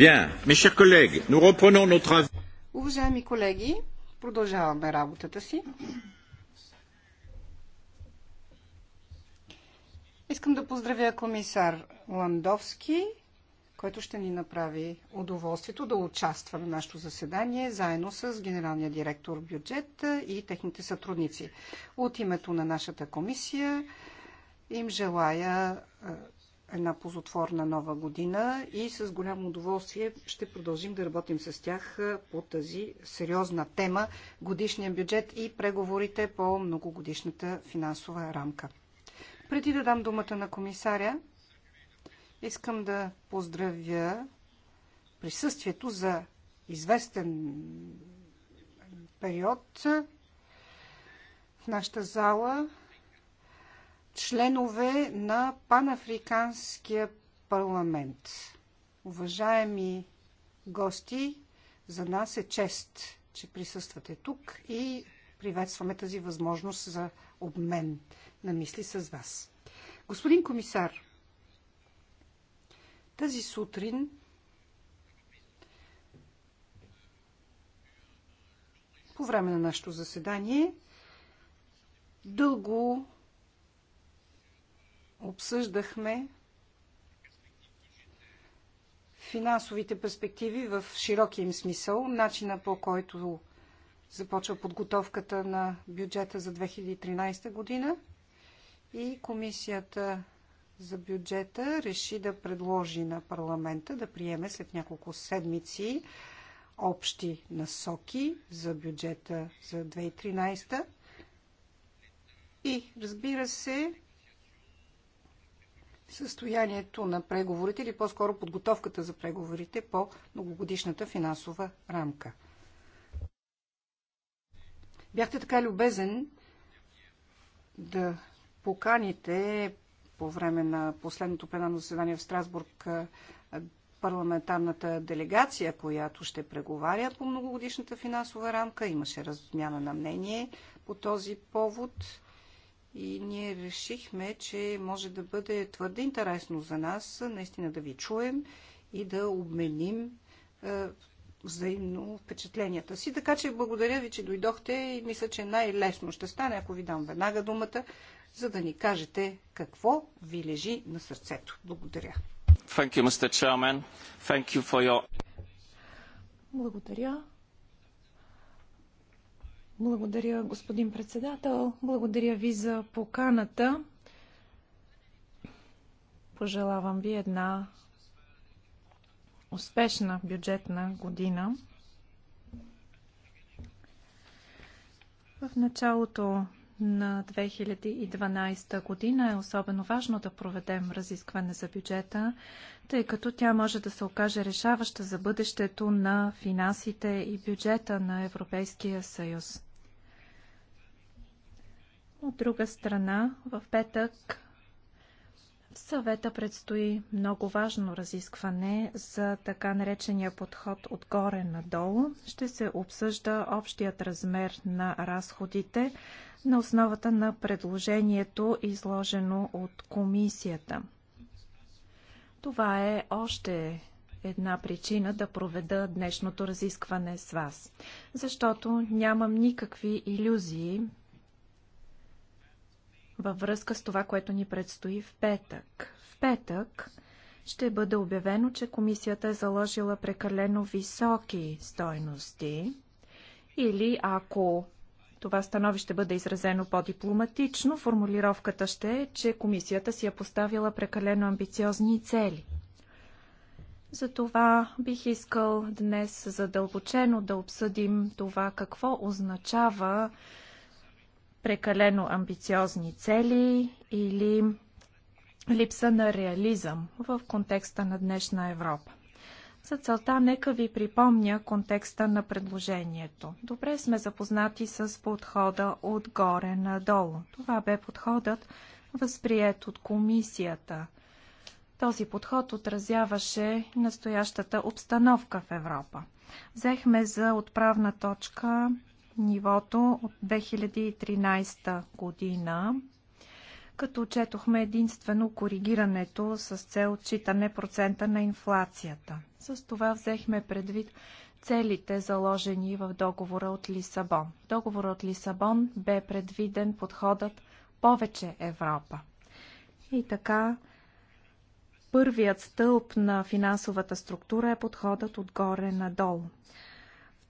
Bien, mes chers collègues, nous reprenons Уважаеми колеги, продължаваме работата си. Искам да поздравя комисар Ландовски, който ще ни направи удоволствието да участва на нашето заседание заедно с генералния директор бюджет и техните сътрудници. От името на нашата комисия им желая е, една позотворна нова година и с голямо удоволствие ще продължим да работим с тях по тази сериозна тема годишния бюджет и преговорите по многогодишната финансова рамка. Преди да дам думата на комисаря, искам да поздравя присъствието за известен период в нашата зала членове на Панафриканския парламент. Уважаеми гости, за нас е чест, че присъствате тук и приветстваме тази възможност за обмен на мисли с вас. Господин комисар, тази сутрин по време на нашето заседание дълго обсъждахме финансовите перспективи в широкия им смисъл, начина по който започва подготовката на бюджета за 2013 година и комисията за бюджета реши да предложи на парламента да приеме след няколко седмици общи насоки за бюджета за 2013 и разбира се състоянието на преговорите или по-скоро подготовката за преговорите по многогодишната финансова рамка. Бяхте така любезен да поканите по време на последното пленарно заседание в Страсбург парламентарната делегация, която ще преговаря по многогодишната финансова рамка. Имаше размяна на мнение по този повод и ние решихме, че може да бъде твърде интересно за нас наистина да ви чуем и да обменим е, взаимно впечатленията си. Така че благодаря ви, че дойдохте и мисля, че най-лесно ще стане, ако ви дам веднага думата, за да ни кажете какво ви лежи на сърцето. Благодаря. Thank you, Mr. Chairman. Thank you for your... Благодаря. Благодаря, господин председател. Благодаря ви за поканата. Пожелавам ви една успешна бюджетна година. В началото на 2012 година е особено важно да проведем разискване за бюджета, тъй като тя може да се окаже решаваща за бъдещето на финансите и бюджета на Европейския съюз. От друга страна, в петък в съвета предстои много важно разискване за така наречения подход отгоре надолу. Ще се обсъжда общият размер на разходите на основата на предложението, изложено от комисията. Това е още една причина да проведа днешното разискване с вас, защото нямам никакви иллюзии във връзка с това, което ни предстои в петък. В петък ще бъде обявено, че комисията е заложила прекалено високи стойности или ако това становище бъде изразено по-дипломатично, формулировката ще е, че комисията си е поставила прекалено амбициозни цели. Затова бих искал днес задълбочено да обсъдим това какво означава прекалено амбициозни цели или липса на реализъм в контекста на днешна Европа. За целта нека ви припомня контекста на предложението. Добре сме запознати с подхода отгоре надолу. Това бе подходът, възприят от комисията. Този подход отразяваше настоящата обстановка в Европа. Взехме за отправна точка нивото от 2013 година, като отчетохме единствено коригирането с цел отчитане процента на инфлацията. С това взехме предвид целите, заложени в договора от Лисабон. Договора от Лисабон бе предвиден подходът повече Европа. И така, първият стълб на финансовата структура е подходът отгоре надолу.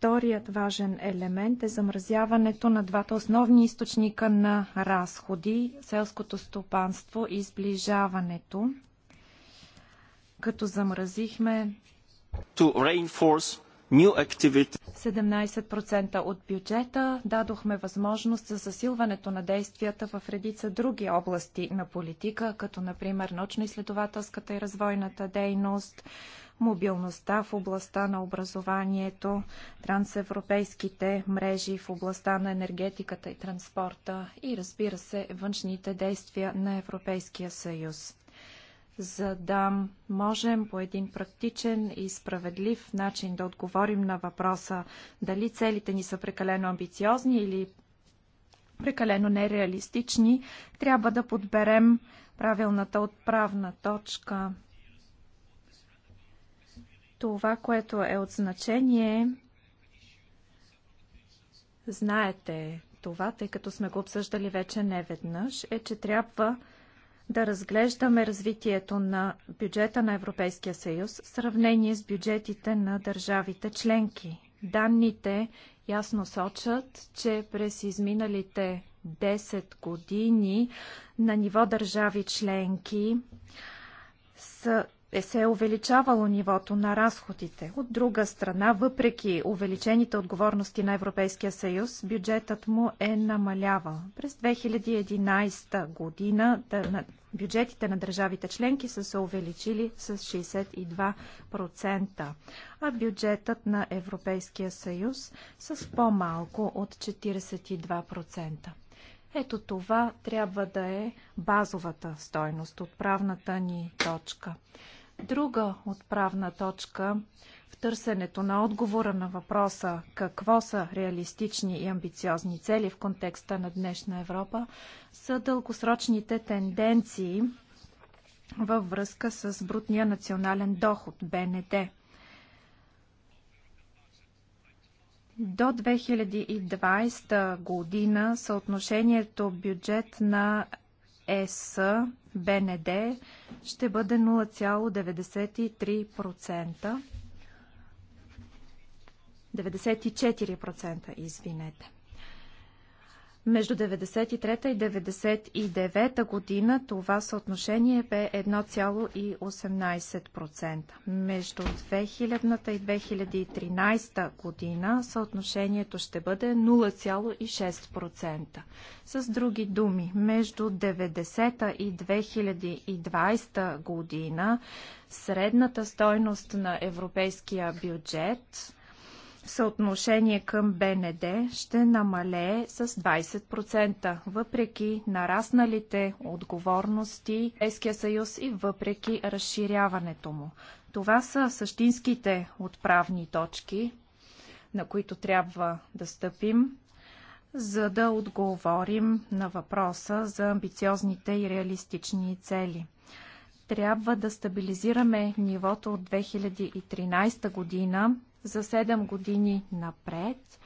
Вторият важен елемент е замразяването на двата основни източника на разходи селското стопанство и сближаването. Като замразихме. To reinforce 17% от бюджета дадохме възможност за засилването на действията в редица други области на политика, като например научно-изследователската и развойната дейност, мобилността в областта на образованието, трансевропейските мрежи в областта на енергетиката и транспорта и разбира се външните действия на Европейския съюз за да можем по един практичен и справедлив начин да отговорим на въпроса дали целите ни са прекалено амбициозни или прекалено нереалистични, трябва да подберем правилната отправна точка. Това, което е от значение, знаете това, тъй като сме го обсъждали вече неведнъж, е, че трябва да разглеждаме развитието на бюджета на Европейския съюз в сравнение с бюджетите на държавите членки. Данните ясно сочат, че през изминалите 10 години на ниво държави членки са е се увеличавало нивото на разходите. От друга страна, въпреки увеличените отговорности на Европейския съюз, бюджетът му е намалявал. През 2011 година бюджетите на държавите членки са се увеличили с 62%, а бюджетът на Европейския съюз с по-малко от 42%. Ето това трябва да е базовата стойност, отправната ни точка. Друга отправна точка в търсенето на отговора на въпроса какво са реалистични и амбициозни цели в контекста на днешна Европа са дългосрочните тенденции във връзка с брутния национален доход БНД. До 2020 година съотношението бюджет на ЕС БНД ще бъде 0,93%. 94%, извинете. Между 1993 и 1999 година това съотношение бе 1,18%. Между 2000 и 2013 година съотношението ще бъде 0,6%. С други думи, между 1990 и 2020 година средната стойност на европейския бюджет съотношение към БНД ще намалее с 20%, въпреки нарасналите отговорности Еския съюз и въпреки разширяването му. Това са същинските отправни точки, на които трябва да стъпим, за да отговорим на въпроса за амбициозните и реалистични цели трябва да стабилизираме нивото от 2013 година за 7 години напред,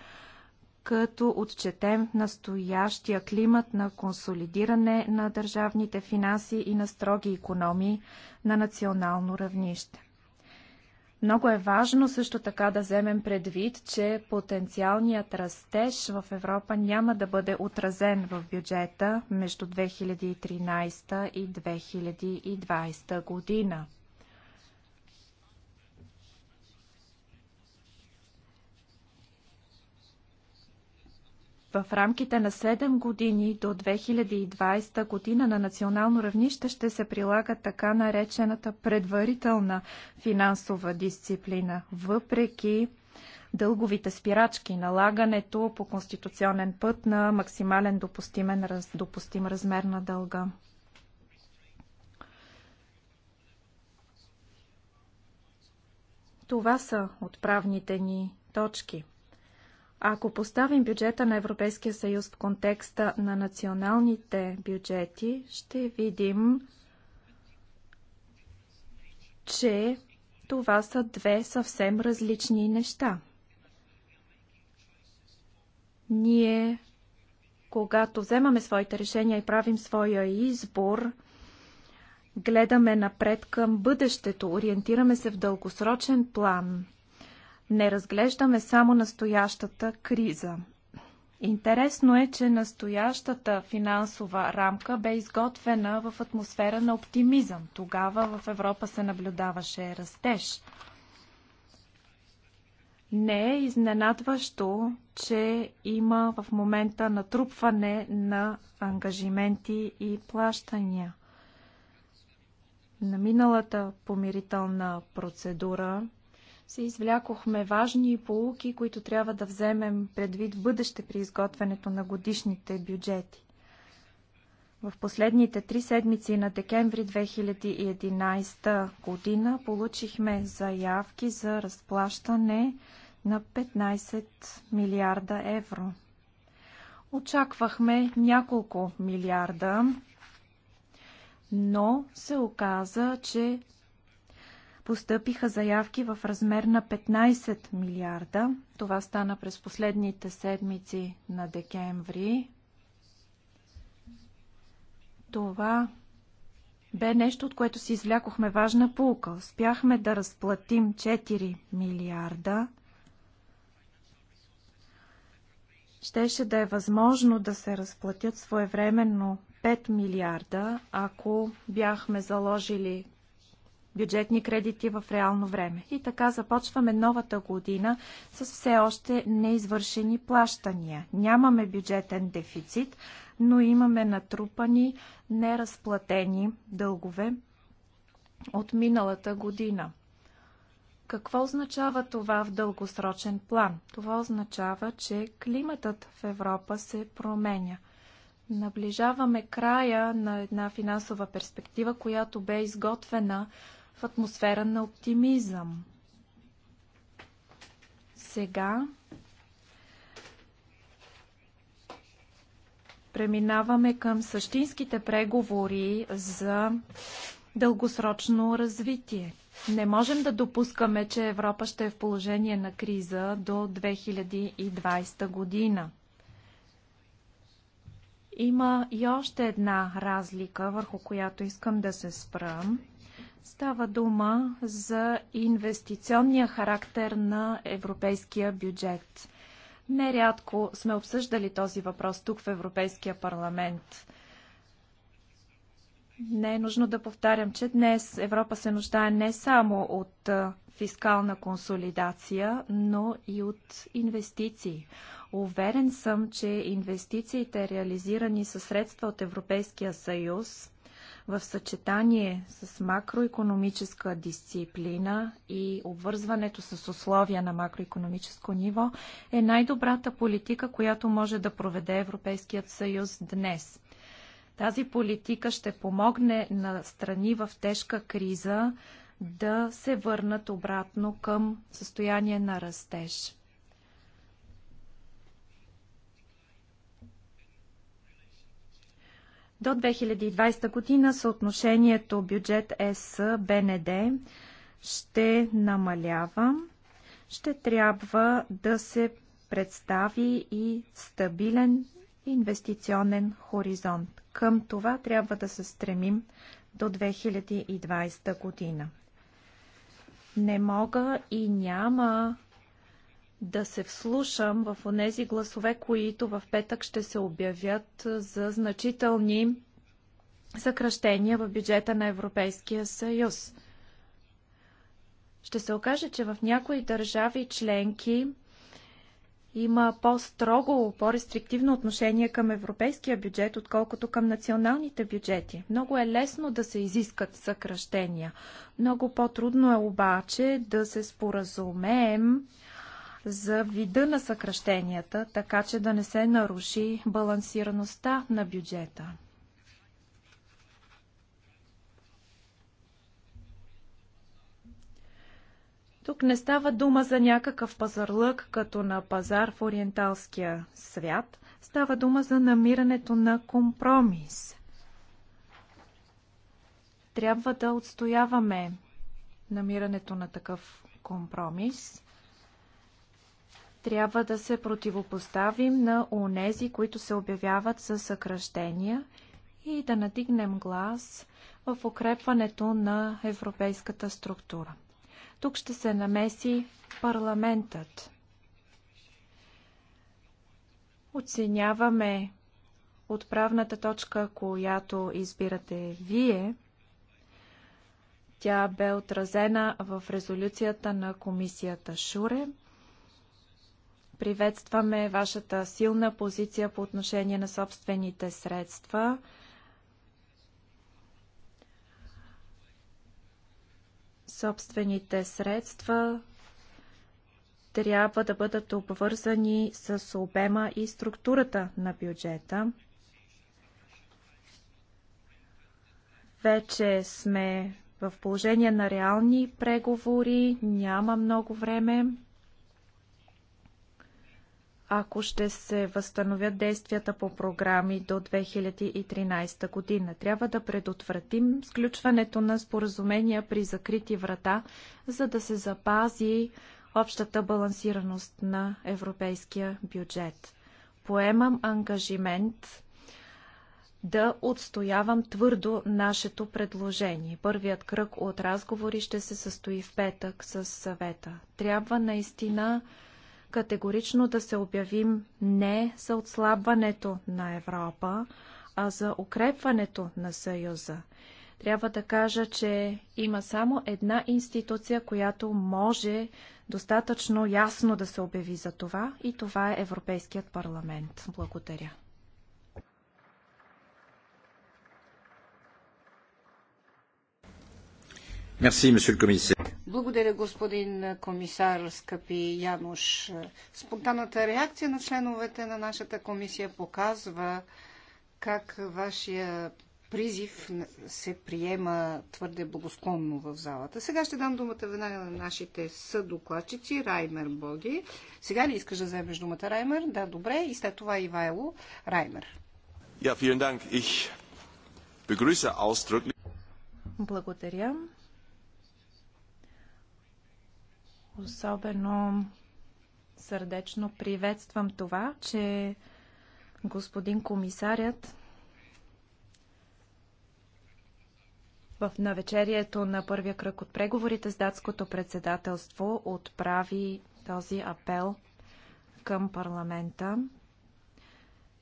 като отчетем настоящия климат на консолидиране на държавните финанси и на строги економии на национално равнище. Много е важно също така да вземем предвид, че потенциалният растеж в Европа няма да бъде отразен в бюджета между 2013 и 2020 година. в рамките на 7 години до 2020 година на национално равнище ще се прилага така наречената предварителна финансова дисциплина, въпреки дълговите спирачки, налагането по конституционен път на максимален допустимен, допустим размер на дълга. Това са отправните ни точки – ако поставим бюджета на Европейския съюз в контекста на националните бюджети, ще видим, че това са две съвсем различни неща. Ние, когато вземаме своите решения и правим своя избор, гледаме напред към бъдещето, ориентираме се в дългосрочен план – не разглеждаме само настоящата криза. Интересно е, че настоящата финансова рамка бе изготвена в атмосфера на оптимизъм. Тогава в Европа се наблюдаваше растеж. Не е изненадващо, че има в момента натрупване на ангажименти и плащания. На миналата помирителна процедура се извлякохме важни полуки, които трябва да вземем предвид в бъдеще при изготвянето на годишните бюджети. В последните три седмици на декември 2011 година получихме заявки за разплащане на 15 милиарда евро. Очаквахме няколко милиарда, но се оказа, че постъпиха заявки в размер на 15 милиарда. Това стана през последните седмици на декември. Това бе нещо, от което си излякохме важна полка. Успяхме да разплатим 4 милиарда. Щеше да е възможно да се разплатят своевременно 5 милиарда, ако бяхме заложили бюджетни кредити в реално време. И така започваме новата година с все още неизвършени плащания. Нямаме бюджетен дефицит, но имаме натрупани неразплатени дългове от миналата година. Какво означава това в дългосрочен план? Това означава, че климатът в Европа се променя. Наближаваме края на една финансова перспектива, която бе изготвена в атмосфера на оптимизъм. Сега преминаваме към същинските преговори за дългосрочно развитие. Не можем да допускаме, че Европа ще е в положение на криза до 2020 година. Има и още една разлика, върху която искам да се спрам – Става дума за инвестиционния характер на европейския бюджет. Нерядко сме обсъждали този въпрос тук в Европейския парламент. Не е нужно да повтарям, че днес Европа се нуждае не само от фискална консолидация, но и от инвестиции. Уверен съм, че инвестициите, реализирани със средства от Европейския съюз, в съчетание с макроекономическа дисциплина и обвързването с условия на макроекономическо ниво е най-добрата политика, която може да проведе Европейският съюз днес. Тази политика ще помогне на страни в тежка криза да се върнат обратно към състояние на растеж. До 2020 година съотношението бюджет ЕС БНД ще намалява. Ще трябва да се представи и стабилен инвестиционен хоризонт. Към това трябва да се стремим до 2020 година. Не мога и няма да се вслушам в онези гласове, които в петък ще се обявят за значителни съкръщения в бюджета на Европейския съюз. Ще се окаже, че в някои държави членки има по-строго, по-рестриктивно отношение към европейския бюджет, отколкото към националните бюджети. Много е лесно да се изискат съкръщения. Много по-трудно е обаче да се споразумеем за вида на съкръщенията, така че да не се наруши балансираността на бюджета. Тук не става дума за някакъв пазарлък, като на пазар в ориенталския свят. Става дума за намирането на компромис. Трябва да отстояваме намирането на такъв компромис. Трябва да се противопоставим на онези, които се обявяват за съкръщения и да надигнем глас в укрепването на европейската структура. Тук ще се намеси парламентът. Оценяваме отправната точка, която избирате вие. Тя бе отразена в резолюцията на комисията Шуре – Приветстваме вашата силна позиция по отношение на собствените средства. Собствените средства трябва да бъдат обвързани с обема и структурата на бюджета. Вече сме в положение на реални преговори, няма много време ако ще се възстановят действията по програми до 2013 година. Трябва да предотвратим сключването на споразумения при закрити врата, за да се запази общата балансираност на европейския бюджет. Поемам ангажимент да отстоявам твърдо нашето предложение. Първият кръг от разговори ще се състои в петък с съвета. Трябва наистина категорично да се обявим не за отслабването на Европа, а за укрепването на Съюза. Трябва да кажа, че има само една институция, която може достатъчно ясно да се обяви за това и това е Европейският парламент. Благодаря. Merci, monsieur le благодаря, господин комисар, скъпи Януш. Спонтанната реакция на членовете на нашата комисия показва как вашия призив се приема твърде благосклонно в залата. Сега ще дам думата веднага на нашите съдокладчици, Раймер Боги. Сега ли искаш да вземеш думата, Раймер? Да, добре. И след това Ивайло. Раймер. Ja, vielen Dank. Ich begrüße ausdrücklich. Благодаря. Особено сърдечно приветствам това, че господин комисарят в навечерието на първия кръг от преговорите с датското председателство отправи този апел към парламента.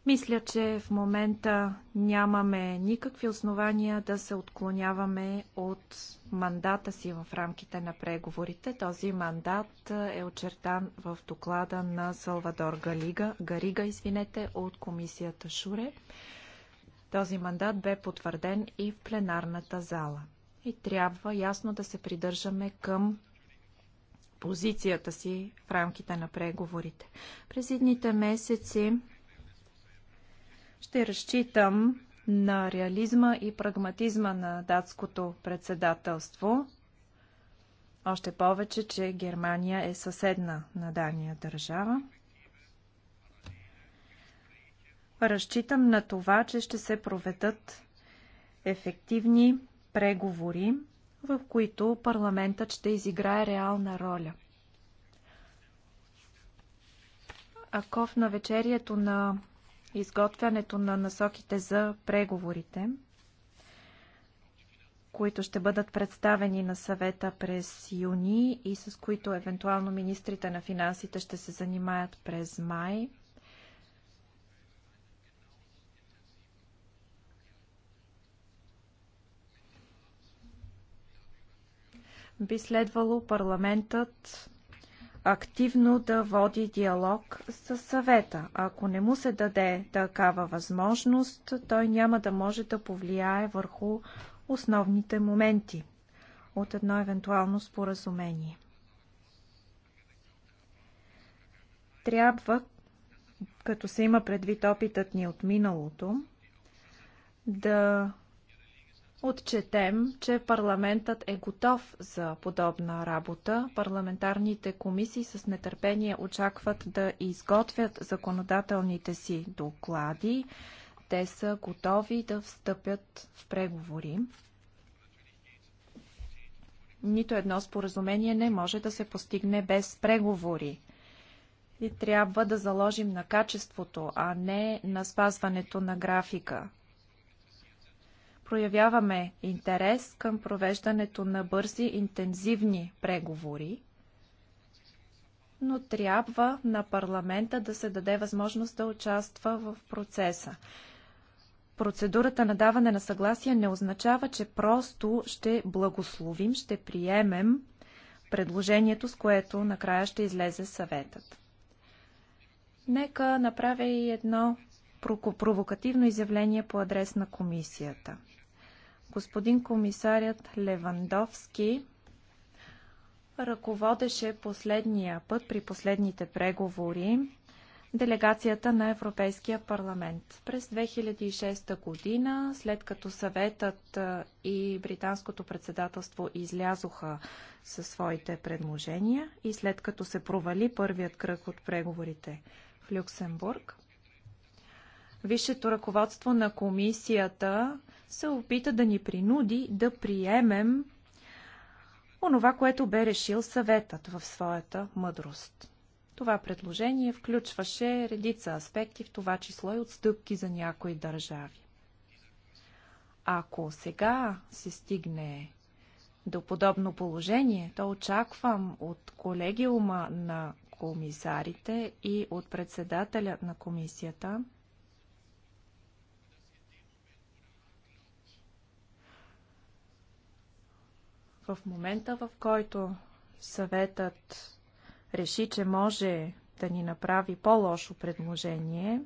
Мисля, че в момента нямаме никакви основания да се отклоняваме от мандата си в рамките на преговорите. Този мандат е очертан в доклада на Салвадор Галига, Гарига извинете, от комисията Шуре. Този мандат бе потвърден и в пленарната зала. И трябва ясно да се придържаме към позицията си в рамките на преговорите. През едните месеци ще разчитам на реализма и прагматизма на датското председателство. Още повече, че Германия е съседна на Дания държава. Разчитам на това, че ще се проведат ефективни преговори, в които парламентът ще изиграе реална роля. Ако в навечерието на изготвянето на насоките за преговорите, които ще бъдат представени на съвета през юни и с които евентуално министрите на финансите ще се занимаят през май. Би следвало парламентът активно да води диалог с съвета. Ако не му се даде такава възможност, той няма да може да повлияе върху основните моменти от едно евентуално споразумение. Трябва, като се има предвид опитът ни от миналото, да отчетем, че парламентът е готов за подобна работа. Парламентарните комисии с нетърпение очакват да изготвят законодателните си доклади. Те са готови да встъпят в преговори. Нито едно споразумение не може да се постигне без преговори и трябва да заложим на качеството, а не на спазването на графика проявяваме интерес към провеждането на бързи, интензивни преговори, но трябва на парламента да се даде възможност да участва в процеса. Процедурата на даване на съгласие не означава, че просто ще благословим, ще приемем предложението, с което накрая ще излезе съветът. Нека направя и едно провокативно изявление по адрес на комисията. Господин комисарят Левандовски ръководеше последния път при последните преговори делегацията на Европейския парламент. През 2006 година, след като съветът и британското председателство излязоха със своите предложения и след като се провали първият кръг от преговорите в Люксембург, висшето ръководство на комисията се опита да ни принуди да приемем онова, което бе решил съветът в своята мъдрост. Това предложение включваше редица аспекти, в това число и отстъпки за някои държави. Ако сега се стигне до подобно положение, то очаквам от колегиума на комисарите и от председателя на комисията В момента, в който съветът реши, че може да ни направи по-лошо предложение,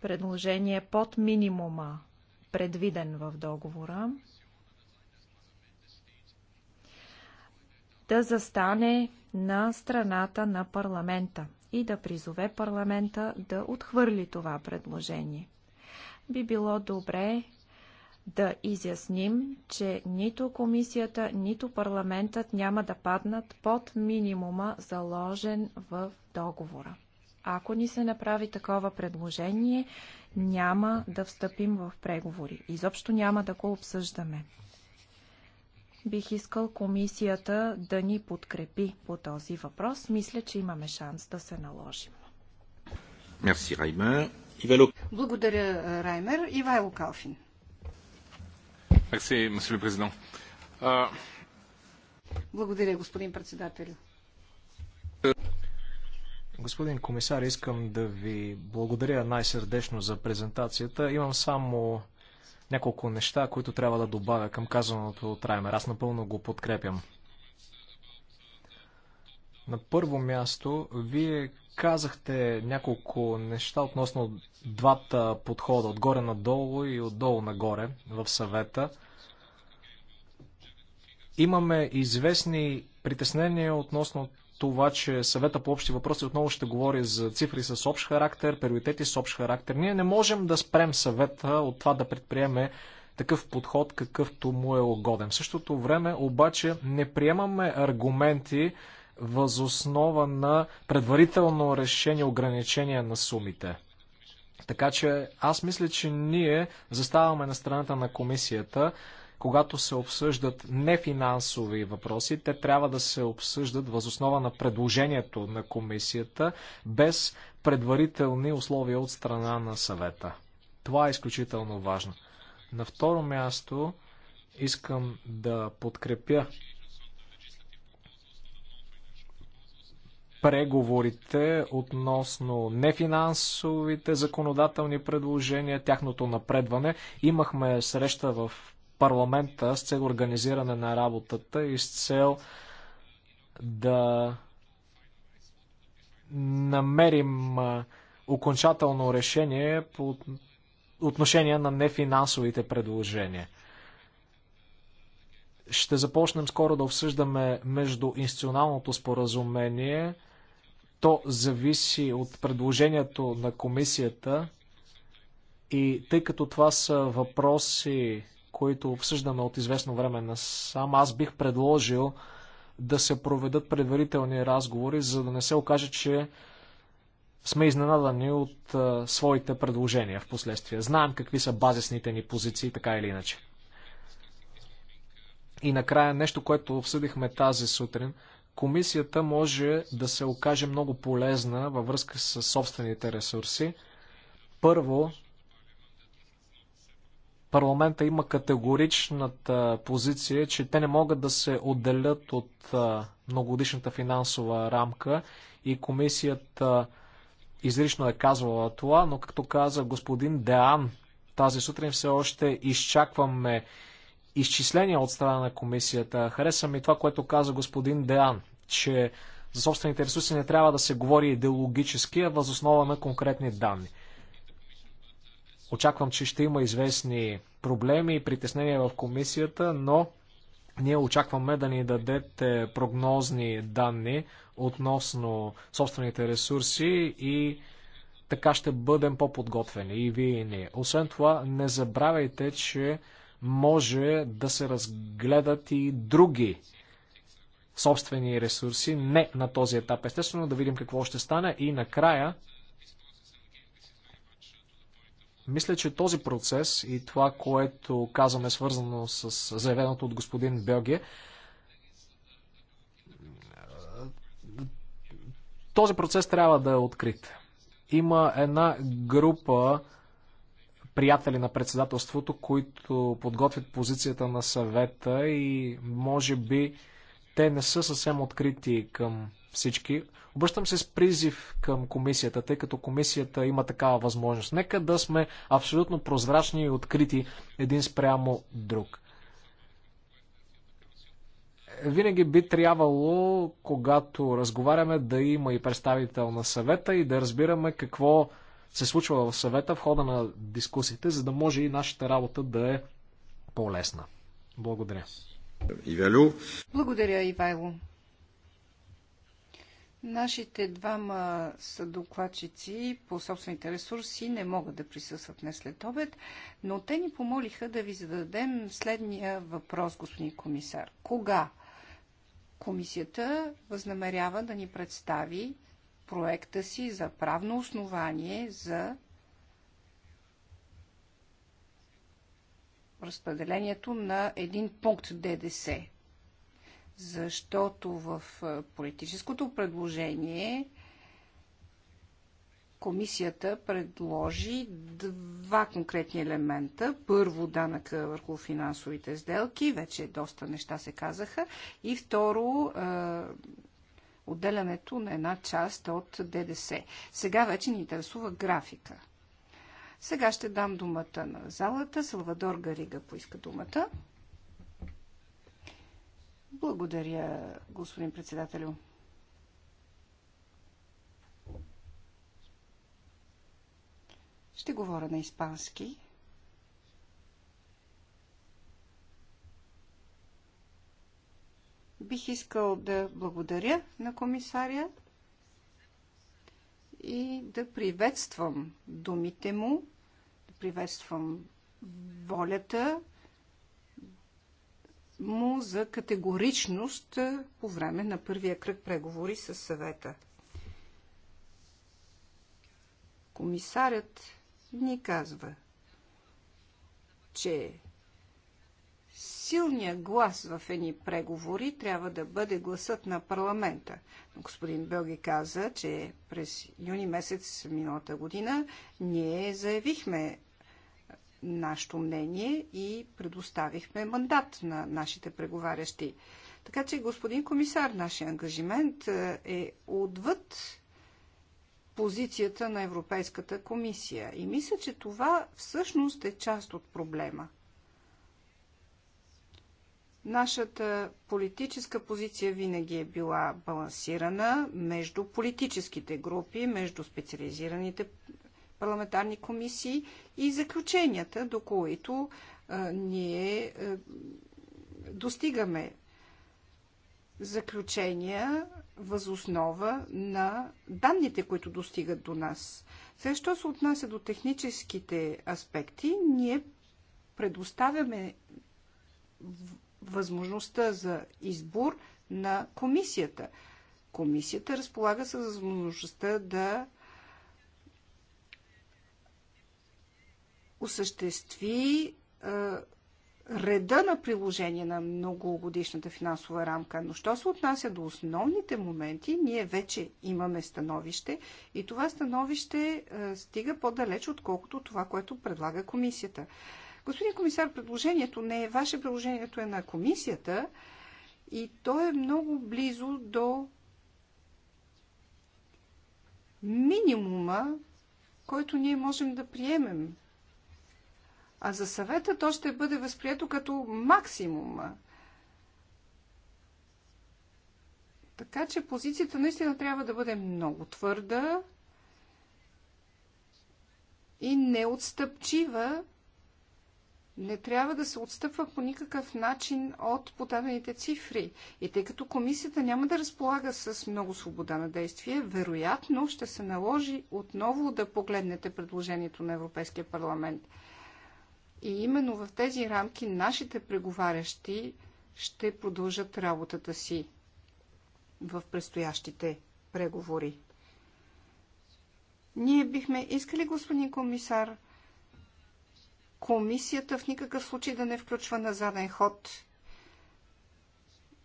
предложение под минимума, предвиден в договора, да застане на страната на парламента и да призове парламента да отхвърли това предложение. Би било добре да изясним, че нито комисията, нито парламентът няма да паднат под минимума, заложен в договора. Ако ни се направи такова предложение, няма да встъпим в преговори. Изобщо няма да го обсъждаме. Бих искал комисията да ни подкрепи по този въпрос. Мисля, че имаме шанс да се наложим. Благодаря, Раймер. Ивайло Калфин. Euh, благодаря, господин председател. Господин комисар, искам да ви благодаря най-сърдечно за презентацията. Имам само няколко неща, които трябва да добавя към казаното от Раймер. Аз напълно го подкрепям. На първо място, вие казахте няколко неща относно двата подхода, отгоре надолу и отдолу нагоре в съвета. Имаме известни притеснения относно това, че съвета по общи въпроси отново ще говори за цифри с общ характер, приоритети с общ характер. Ние не можем да спрем съвета от това да предприеме такъв подход, какъвто му е угоден. В същото време обаче не приемаме аргументи, възоснова на предварително решение ограничения на сумите. Така че аз мисля, че ние заставаме на страната на комисията, когато се обсъждат нефинансови въпроси, те трябва да се обсъждат възоснова на предложението на комисията, без предварителни условия от страна на съвета. Това е изключително важно. На второ място искам да подкрепя преговорите относно нефинансовите законодателни предложения, тяхното напредване. Имахме среща в парламента с цел организиране на работата и с цел да намерим окончателно решение по отношение на нефинансовите предложения. Ще започнем скоро да обсъждаме между институционалното споразумение – то зависи от предложението на комисията и тъй като това са въпроси, които обсъждаме от известно време насам, аз бих предложил да се проведат предварителни разговори, за да не се окаже, че сме изненадани от а, своите предложения в последствие. Знаем какви са базисните ни позиции, така или иначе. И накрая нещо, което обсъдихме тази сутрин – комисията може да се окаже много полезна във връзка с собствените ресурси. Първо, парламента има категоричната позиция, че те не могат да се отделят от многодишната финансова рамка и комисията изрично е казвала това, но както каза господин Деан тази сутрин все още изчакваме изчисления от страна на комисията. Хареса ми това, което каза господин Деан, че за собствените ресурси не трябва да се говори идеологически, а възоснова на конкретни данни. Очаквам, че ще има известни проблеми и притеснения в комисията, но ние очакваме да ни дадете прогнозни данни относно собствените ресурси и така ще бъдем по-подготвени и вие и ние. Освен това, не забравяйте, че може да се разгледат и други собствени ресурси, не на този етап. Естествено, да видим какво ще стане и накрая мисля, че този процес и това, което казваме свързано с заявеното от господин Белге, този процес трябва да е открит. Има една група приятели на председателството, които подготвят позицията на съвета и може би те не са съвсем открити към всички. Обръщам се с призив към комисията, тъй като комисията има такава възможност. Нека да сме абсолютно прозрачни и открити един спрямо друг. Винаги би трябвало, когато разговаряме, да има и представител на съвета и да разбираме какво се случва в съвета в хода на дискусиите, за да може и нашата работа да е по-лесна. Благодаря. Ивелю. Благодаря, Ивайло. Нашите двама съдокладчици по собствените ресурси не могат да присъстват днес след обед, но те ни помолиха да ви зададем следния въпрос, господин комисар. Кога комисията възнамерява да ни представи проекта си за правно основание за разпределението на един пункт ДДС. Защото в политическото предложение комисията предложи два конкретни елемента. Първо, данъка върху финансовите сделки, вече доста неща се казаха. И второ, отделянето на една част от ДДС. Сега вече ни интересува графика. Сега ще дам думата на залата. Салвадор Гарига поиска думата. Благодаря, господин председателю. Ще говоря на испански. Бих искал да благодаря на комисаря и да приветствам думите му, да приветствам волята му за категоричност по време на първия кръг преговори с съвета. Комисарят ни казва, че силният глас в едни преговори трябва да бъде гласът на парламента. Господин Белги каза, че през юни месец миналата година ние заявихме нашето мнение и предоставихме мандат на нашите преговарящи. Така че, господин комисар, нашия ангажимент е, е отвъд позицията на Европейската комисия. И мисля, че това всъщност е част от проблема – Нашата политическа позиция винаги е била балансирана между политическите групи, между специализираните парламентарни комисии и заключенията, до които а, ние а, достигаме заключения възоснова на данните, които достигат до нас. След що се отнася до техническите аспекти, ние предоставяме възможността за избор на комисията. Комисията разполага с възможността да осъществи реда на приложение на многогодишната финансова рамка. Но що се отнася до основните моменти, ние вече имаме становище и това становище стига по-далеч, отколкото това, което предлага комисията. Господин комисар, предложението не е ваше, предложението е на комисията и то е много близо до минимума, който ние можем да приемем. А за съвета то ще бъде възприето като максимума. Така че позицията наистина трябва да бъде много твърда и неотстъпчива не трябва да се отстъпва по никакъв начин от подадените цифри. И тъй като комисията няма да разполага с много свобода на действие, вероятно ще се наложи отново да погледнете предложението на Европейския парламент. И именно в тези рамки нашите преговарящи ще продължат работата си в предстоящите преговори. Ние бихме искали, господин комисар, комисията в никакъв случай да не включва на заден ход.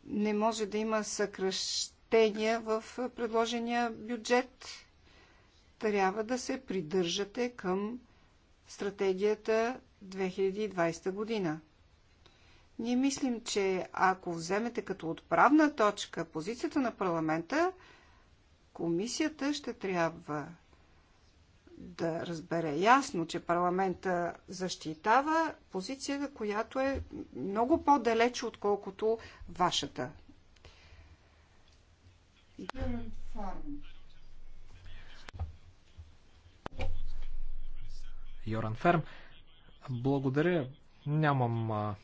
Не може да има съкръщения в предложения бюджет. Трябва да се придържате към стратегията 2020 година. Ние мислим, че ако вземете като отправна точка позицията на парламента, комисията ще трябва да разбере ясно, че парламента защитава позиция, която е много по-далече, отколкото вашата. Йоран Ферм, благодаря. Нямам а,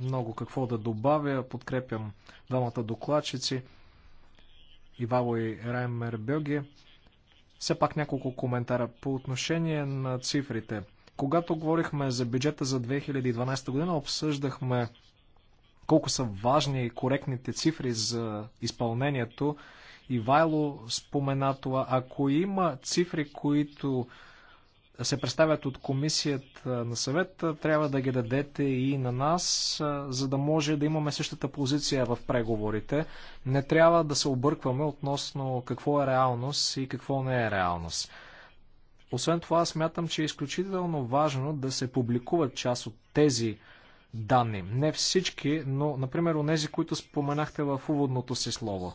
много какво да добавя. Подкрепям двамата докладчици Ивало и Раймер Бьоги. Все пак няколко коментара по отношение на цифрите. Когато говорихме за бюджета за 2012 година, обсъждахме колко са важни и коректните цифри за изпълнението. и Вайло спомена това. Ако има цифри, които се представят от комисията на съвета, трябва да ги дадете и на нас, за да може да имаме същата позиция в преговорите. Не трябва да се объркваме относно какво е реалност и какво не е реалност. Освен това, смятам, че е изключително важно да се публикуват част от тези данни. Не всички, но, например, онези, които споменахте в уводното си слово.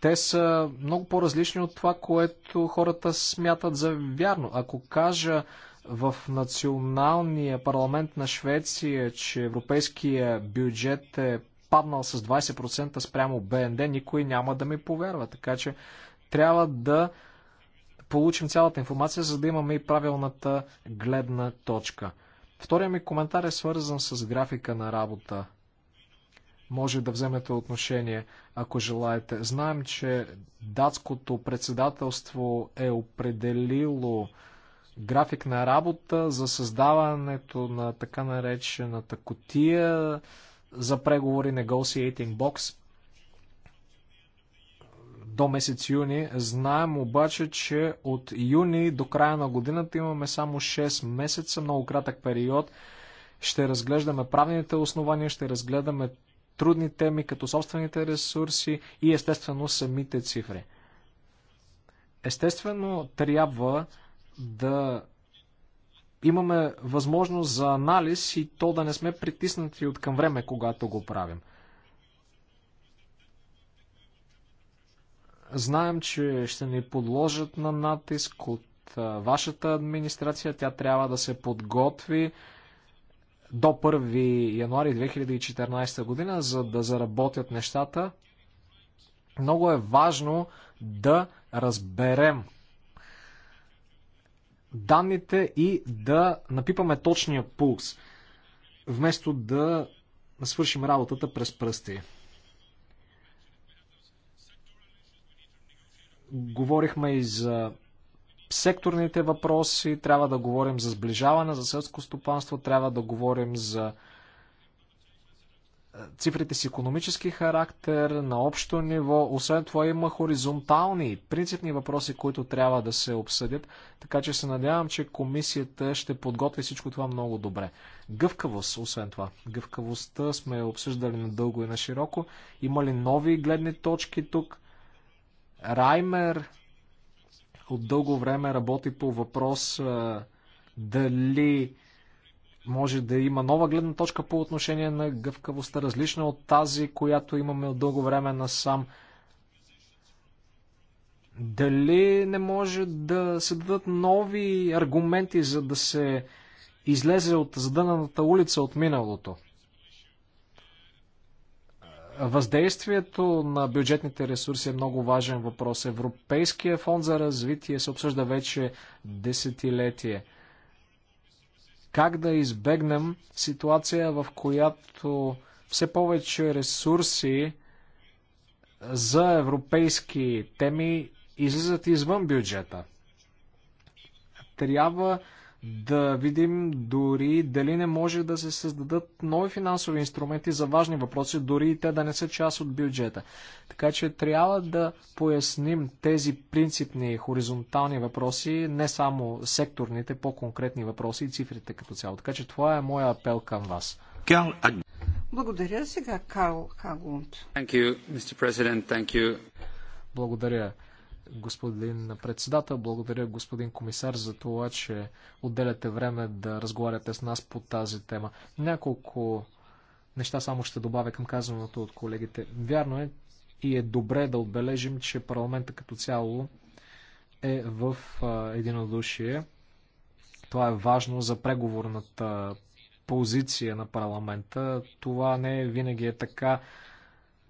Те са много по-различни от това, което хората смятат за вярно. Ако кажа в националния парламент на Швеция, че европейския бюджет е паднал с 20% спрямо БНД, никой няма да ми повярва. Така че трябва да получим цялата информация, за да имаме и правилната гледна точка. Втория ми коментар е свързан с графика на работа може да вземете отношение, ако желаете. Знаем, че датското председателство е определило график на работа за създаването на така наречената котия за преговори Negotiating Box до месец юни. Знаем обаче, че от юни до края на годината имаме само 6 месеца, много кратък период. Ще разглеждаме правните основания, ще разгледаме трудни теми, като собствените ресурси и естествено самите цифри. Естествено, трябва да имаме възможност за анализ и то да не сме притиснати от към време, когато го правим. Знаем, че ще ни подложат на натиск от вашата администрация. Тя трябва да се подготви до 1 януари 2014 година, за да заработят нещата. Много е важно да разберем данните и да напипаме точния пулс, вместо да свършим работата през пръсти. Говорихме и за секторните въпроси, трябва да говорим за сближаване, за селско стопанство, трябва да говорим за е, цифрите с економически характер, на общо ниво. Освен това има хоризонтални, принципни въпроси, които трябва да се обсъдят, така че се надявам, че комисията ще подготви всичко това много добре. Гъвкавост, освен това. Гъвкавостта сме обсъждали надълго и на широко. Има ли нови гледни точки тук? Раймер, от дълго време работи по въпрос дали може да има нова гледна точка по отношение на гъвкавостта, различна от тази, която имаме от дълго време насам. Дали не може да се дадат нови аргументи, за да се излезе от задънаната улица от миналото? Въздействието на бюджетните ресурси е много важен въпрос. Европейския фонд за развитие се обсъжда вече десетилетие. Как да избегнем ситуация, в която все повече ресурси за европейски теми излизат извън бюджета? Трябва да видим дори дали не може да се създадат нови финансови инструменти за важни въпроси, дори и те да не са част от бюджета. Така че трябва да поясним тези принципни хоризонтални въпроси, не само секторните, по-конкретни въпроси и цифрите като цяло. Така че това е моя апел към вас. Благодаря сега, Карл Хагунд. Благодаря господин председател. Благодаря, господин комисар, за това, че отделяте време да разговаряте с нас по тази тема. Няколко неща само ще добавя към казаното от колегите. Вярно е и е добре да отбележим, че парламента като цяло е в единодушие. Това е важно за преговорната позиция на парламента. Това не е винаги е така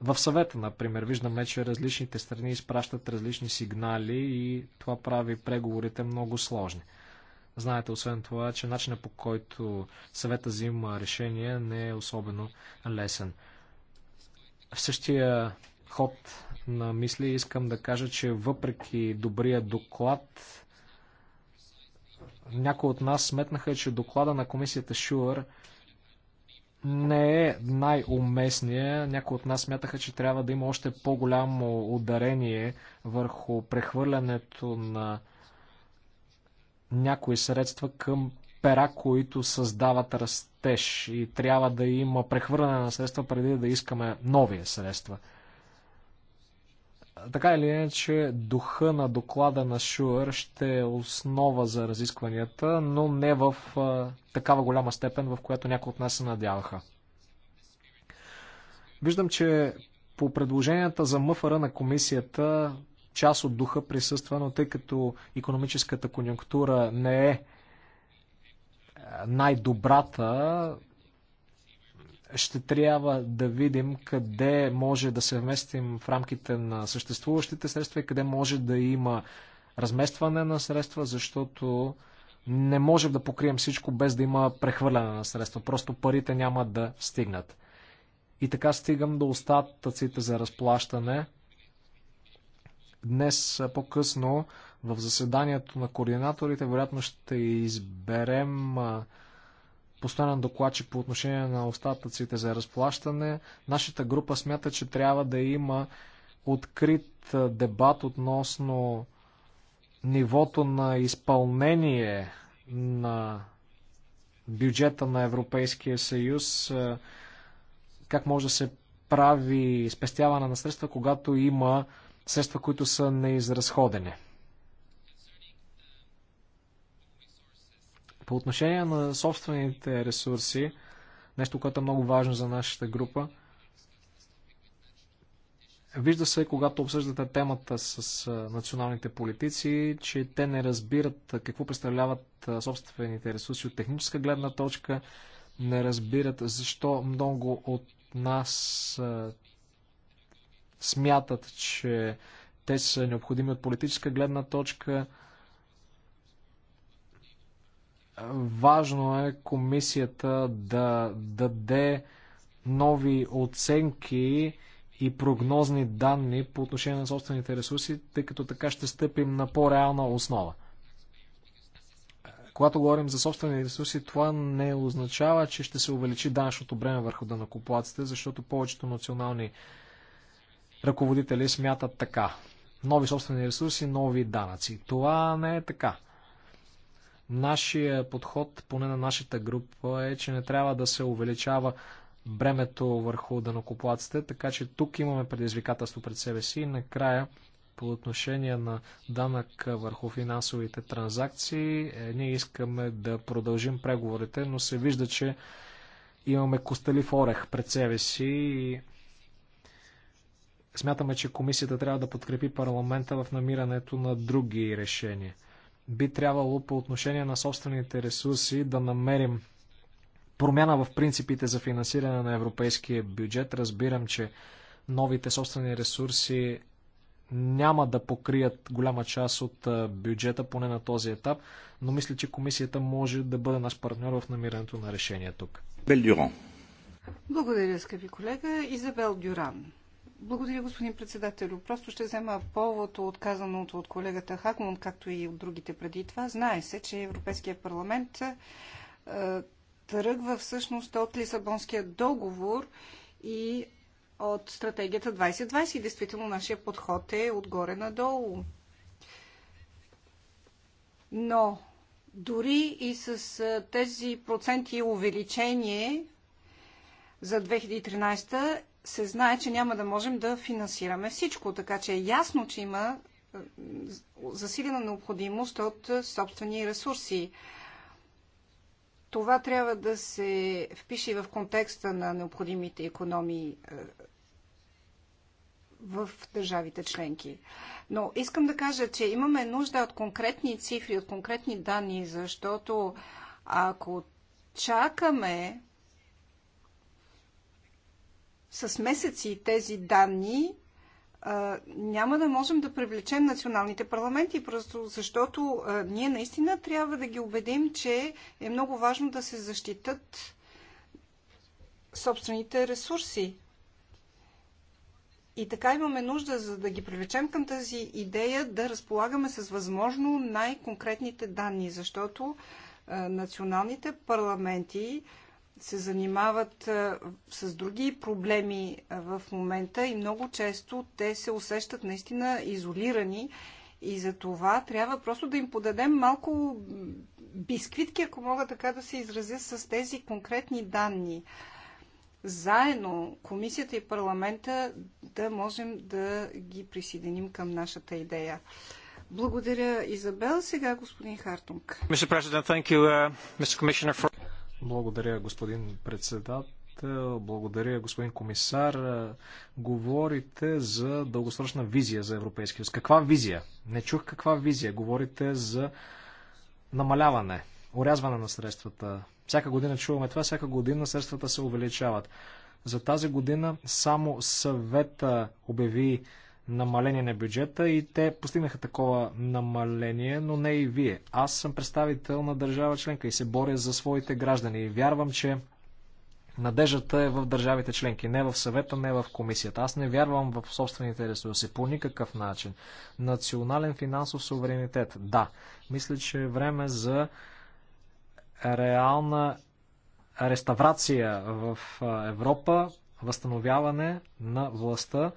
в съвета, например, виждаме, че различните страни изпращат различни сигнали и това прави преговорите много сложни. Знаете, освен това, че начинът по който съвета взима решение не е особено лесен. В същия ход на мисли искам да кажа, че въпреки добрия доклад, някои от нас сметнаха, че доклада на комисията Шуър не е най-уместния. Някои от нас смятаха, че трябва да има още по-голямо ударение върху прехвърлянето на някои средства към пера, които създават растеж и трябва да има прехвърляне на средства преди да искаме нови средства. Така или иначе, духа на доклада на Шуър ще е основа за разискванията, но не в а, такава голяма степен, в която някои от нас се надяваха. Виждам, че по предложенията за МФР на комисията част от духа присъства, но тъй като економическата конъюнктура не е най-добрата, ще трябва да видим къде може да се вместим в рамките на съществуващите средства и къде може да има разместване на средства, защото не можем да покрием всичко без да има прехвърляне на средства. Просто парите няма да стигнат. И така стигам до остатъците за разплащане. Днес по-късно в заседанието на координаторите вероятно ще изберем постоянен докладчик по отношение на остатъците за разплащане. Нашата група смята, че трябва да има открит дебат относно нивото на изпълнение на бюджета на Европейския съюз, как може да се прави спестяване на средства, когато има средства, които са неизразходени. По отношение на собствените ресурси, нещо, което е много важно за нашата група, Вижда се, когато обсъждате темата с националните политици, че те не разбират какво представляват собствените ресурси от техническа гледна точка, не разбират защо много от нас смятат, че те са необходими от политическа гледна точка. Важно е комисията да даде нови оценки и прогнозни данни по отношение на собствените ресурси, тъй като така ще стъпим на по-реална основа. Когато говорим за собствени ресурси, това не означава, че ще се увеличи данъчното бреме върху данакоплаците, защото повечето национални ръководители смятат така. Нови собствени ресурси, нови данъци. Това не е така. Нашия подход, поне на нашата група, е, че не трябва да се увеличава бремето върху данокоплаците, така че тук имаме предизвикателство пред себе си и накрая по отношение на данък върху финансовите транзакции, е, ние искаме да продължим преговорите, но се вижда, че имаме костелив орех пред себе си и смятаме, че комисията трябва да подкрепи парламента в намирането на други решения. Би трябвало по отношение на собствените ресурси да намерим промяна в принципите за финансиране на европейския бюджет. Разбирам, че новите собствени ресурси няма да покрият голяма част от бюджета, поне на този етап, но мисля, че комисията може да бъде наш партньор в намирането на решение тук. Бел Благодаря, скъпи колега. Изабел Дюран. Благодаря, господин председател. Просто ще взема повод от казаното от колегата Хакман, както и от другите преди това. Знае се, че Европейския парламент е, тръгва всъщност от Лисабонския договор и от стратегията 2020. действително нашия подход е отгоре надолу. Но дори и с е, тези проценти увеличение за 2013 се знае, че няма да можем да финансираме всичко, така че е ясно, че има е, засилена необходимост от е, собствени ресурси. Това трябва да се впише в контекста на необходимите економии е, в държавите членки. Но искам да кажа, че имаме нужда от конкретни цифри, от конкретни данни, защото ако чакаме с месеци тези данни, няма да можем да привлечем националните парламенти, просто защото ние наистина трябва да ги убедим, че е много важно да се защитат собствените ресурси. И така имаме нужда, за да ги привлечем към тази идея, да разполагаме с възможно най-конкретните данни, защото националните парламенти се занимават с други проблеми в момента и много често те се усещат наистина изолирани и за това трябва просто да им подадем малко бисквитки, ако мога така да се изразя, с тези конкретни данни. Заедно комисията и парламента да можем да ги присъединим към нашата идея. Благодаря, Изабел. Сега господин Хартунг. Благодаря, господин председател. Благодаря, господин комисар. Говорите за дългосрочна визия за Европейския съюз. Каква визия? Не чух каква визия. Говорите за намаляване, урязване на средствата. Всяка година чуваме това, всяка година средствата се увеличават. За тази година само съвета обяви намаление на бюджета и те постигнаха такова намаление, но не и вие. Аз съм представител на държава членка и се боря за своите граждани и вярвам, че надеждата е в държавите членки, не в съвета, не в комисията. Аз не вярвам в собствените ресурси по никакъв начин. Национален финансов суверенитет, да. Мисля, че е време за реална реставрация в Европа, възстановяване на властта,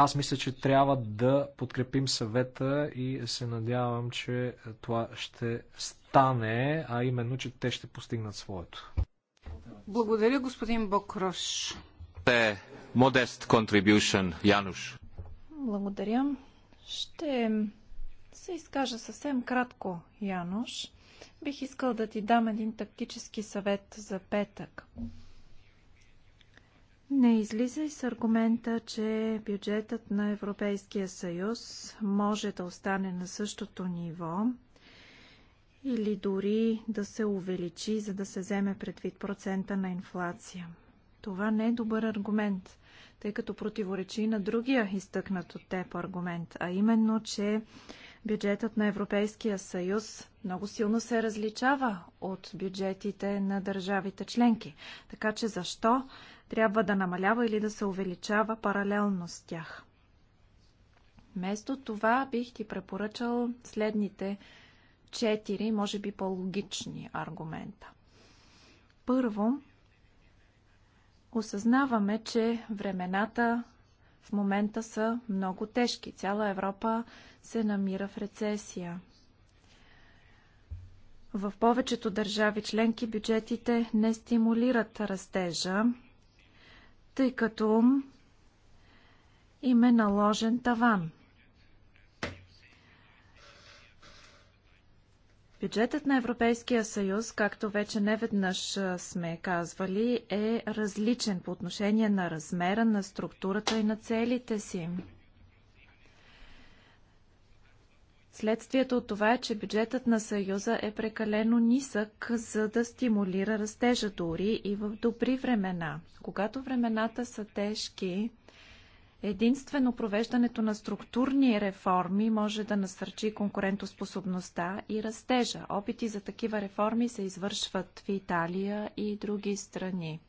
аз мисля, че трябва да подкрепим съвета и се надявам, че това ще стане, а именно, че те ще постигнат своето. Благодаря, господин Бокрош. Модест contribution, Януш. Благодаря. Ще се изкажа съвсем кратко, Януш. Бих искал да ти дам един тактически съвет за петък. Не излиза и с аргумента, че бюджетът на Европейския съюз може да остане на същото ниво или дори да се увеличи, за да се вземе предвид процента на инфлация. Това не е добър аргумент, тъй като противоречи на другия изтъкнат от теб аргумент, а именно, че бюджетът на Европейския съюз много силно се различава от бюджетите на държавите членки. Така че защо трябва да намалява или да се увеличава паралелно с тях. Вместо това бих ти препоръчал следните четири, може би по-логични аргумента. Първо, осъзнаваме, че времената в момента са много тежки. Цяла Европа се намира в рецесия. В повечето държави членки бюджетите не стимулират растежа, тъй като им е наложен таван. Бюджетът на Европейския съюз, както вече неведнъж сме казвали, е различен по отношение на размера, на структурата и на целите си. Следствието от това е, че бюджетът на Съюза е прекалено нисък, за да стимулира растежа дори и в добри времена. Когато времената са тежки, единствено провеждането на структурни реформи може да насърчи конкурентоспособността и растежа. Опити за такива реформи се извършват в Италия и други страни.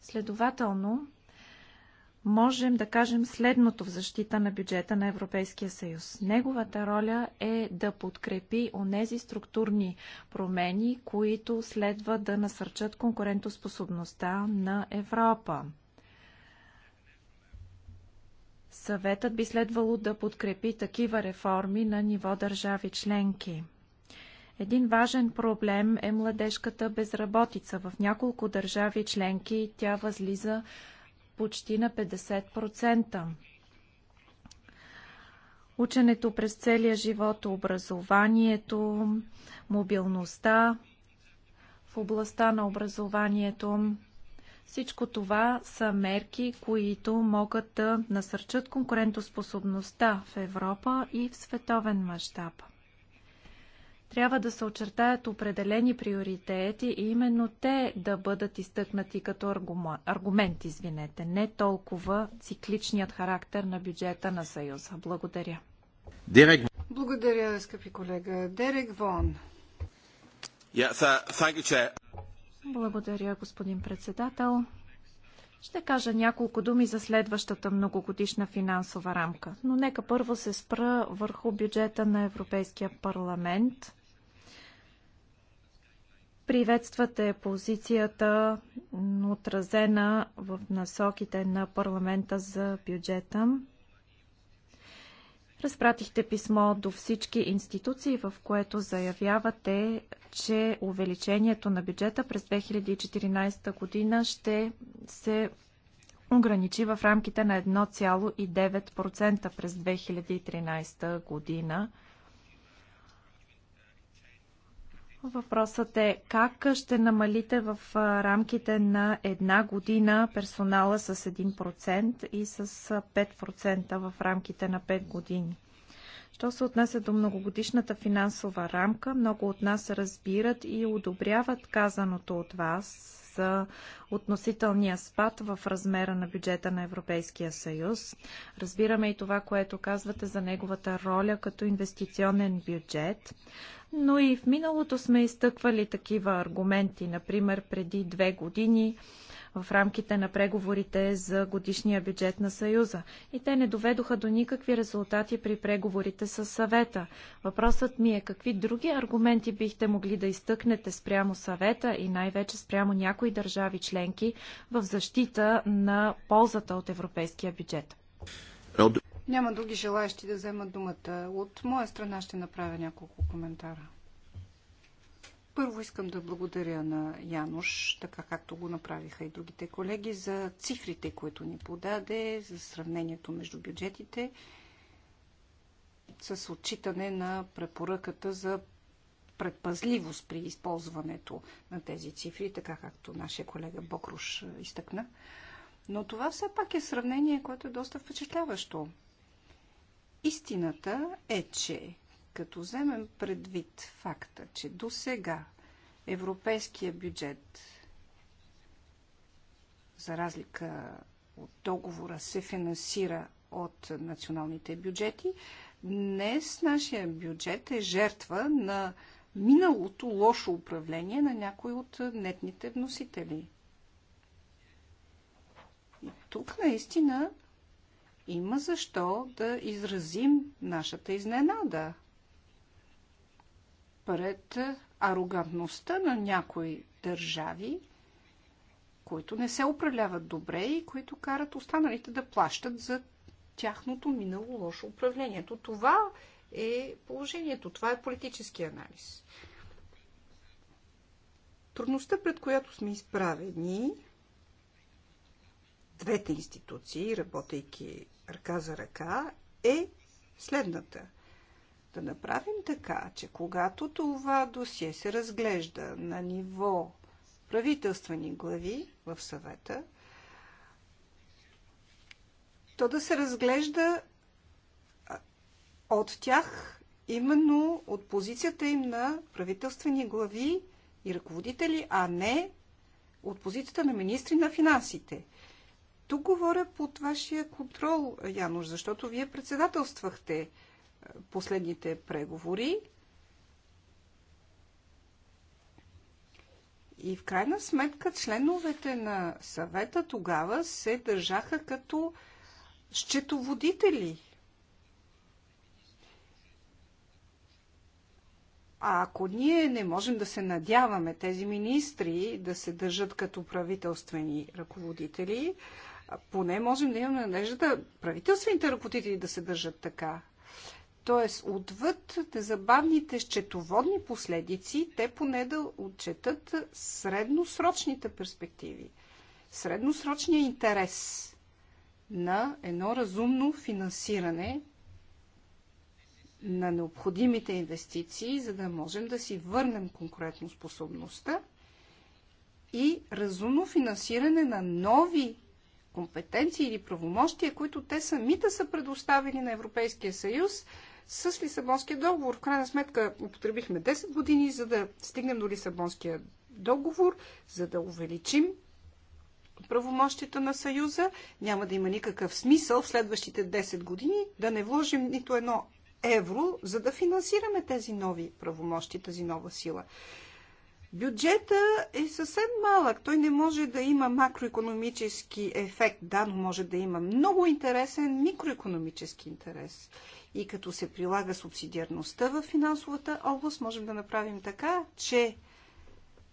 Следователно, можем да кажем следното в защита на бюджета на Европейския съюз. Неговата роля е да подкрепи онези структурни промени, които следва да насърчат конкурентоспособността на Европа. Съветът би следвало да подкрепи такива реформи на ниво държави членки. Един важен проблем е младежката безработица. В няколко държави членки тя възлиза почти на 50%. Ученето през целия живот, образованието, мобилността в областта на образованието, всичко това са мерки, които могат да насърчат конкурентоспособността в Европа и в световен мащаб трябва да се очертаят определени приоритети и именно те да бъдат изтъкнати като аргумент, извинете, не толкова цикличният характер на бюджета на Съюза. Благодаря. Дерек. Благодаря, скъпи колега. Дерек Вон. Yeah, you, Благодаря, господин председател. Ще кажа няколко думи за следващата многогодишна финансова рамка, но нека първо се спра върху бюджета на Европейския парламент. Приветствате позицията, отразена в насоките на парламента за бюджета. Разпратихте писмо до всички институции, в което заявявате, че увеличението на бюджета през 2014 година ще се ограничи в рамките на 1,9% през 2013 година. Въпросът е как ще намалите в рамките на една година персонала с 1% и с 5% в рамките на 5 години. Що се отнася до многогодишната финансова рамка, много от нас разбират и одобряват казаното от вас за относителния спад в размера на бюджета на Европейския съюз. Разбираме и това, което казвате за неговата роля като инвестиционен бюджет. Но и в миналото сме изтъквали такива аргументи. Например, преди две години в рамките на преговорите за годишния бюджет на Съюза. И те не доведоха до никакви резултати при преговорите с съвета. Въпросът ми е какви други аргументи бихте могли да изтъкнете спрямо съвета и най-вече спрямо някои държави членки в защита на ползата от европейския бюджет. Няма други желаящи да вземат думата. От моя страна ще направя няколко коментара. Първо искам да благодаря на Януш, така както го направиха и другите колеги, за цифрите, които ни подаде, за сравнението между бюджетите, с отчитане на препоръката за предпазливост при използването на тези цифри, така както нашия колега Бокруш е, изтъкна. Но това все пак е сравнение, което е доста впечатляващо. Истината е, че като вземем предвид факта, че до сега европейския бюджет, за разлика от договора, се финансира от националните бюджети, днес нашия бюджет е жертва на миналото лошо управление на някой от нетните вносители. И тук наистина има защо да изразим нашата изненада – пред арогантността на някои държави, които не се управляват добре и които карат останалите да плащат за тяхното минало лошо управление. това е положението. Това е политически анализ. Трудността, пред която сме изправени, двете институции, работейки ръка за ръка, е следната – да направим така, че когато това досие се разглежда на ниво правителствени глави в съвета, то да се разглежда от тях именно от позицията им на правителствени глави и ръководители, а не от позицията на министри на финансите. Тук говоря под вашия контрол, Януш, защото вие председателствахте последните преговори. И в крайна сметка членовете на съвета тогава се държаха като счетоводители. А ако ние не можем да се надяваме тези министри да се държат като правителствени ръководители, поне можем да имаме надежда правителствените ръководители да се държат така. Т.е. отвъд незабавните счетоводни последици, те поне да отчетат средносрочните перспективи, средносрочния интерес на едно разумно финансиране на необходимите инвестиции, за да можем да си върнем конкретно способността и разумно финансиране на нови компетенции или правомощия, които те самите са предоставили на Европейския съюз с Лисабонския договор. В крайна сметка употребихме 10 години, за да стигнем до Лисабонския договор, за да увеличим правомощията на Съюза. Няма да има никакъв смисъл в следващите 10 години да не вложим нито едно евро, за да финансираме тези нови правомощи, тази нова сила. Бюджета е съвсем малък. Той не може да има макроекономически ефект. Да, но може да има много интересен микроекономически интерес и като се прилага субсидиарността в финансовата област, можем да направим така, че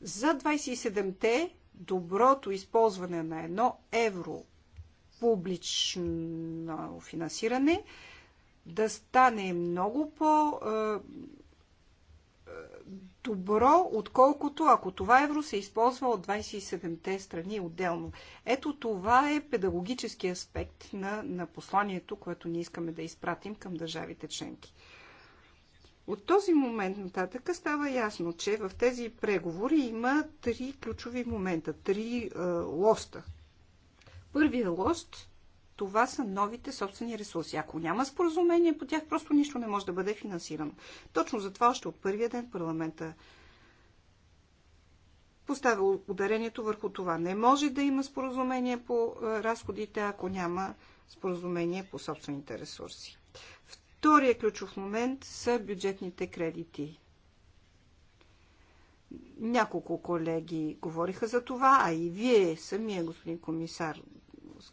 за 27-те доброто използване на едно евро публично финансиране да стане много по- е, добро, отколкото ако това евро се използва от 27-те страни отделно. Ето това е педагогически аспект на, на посланието, което ние искаме да изпратим към държавите членки. От този момент нататък става ясно, че в тези преговори има три ключови момента, три е, лоста. Първият лост това са новите собствени ресурси. Ако няма споразумение по тях, просто нищо не може да бъде финансирано. Точно за това още от първия ден парламента поставя ударението върху това. Не може да има споразумение по е, разходите, ако няма споразумение по собствените ресурси. Втория ключов момент са бюджетните кредити. Няколко колеги говориха за това, а и вие самия, господин комисар,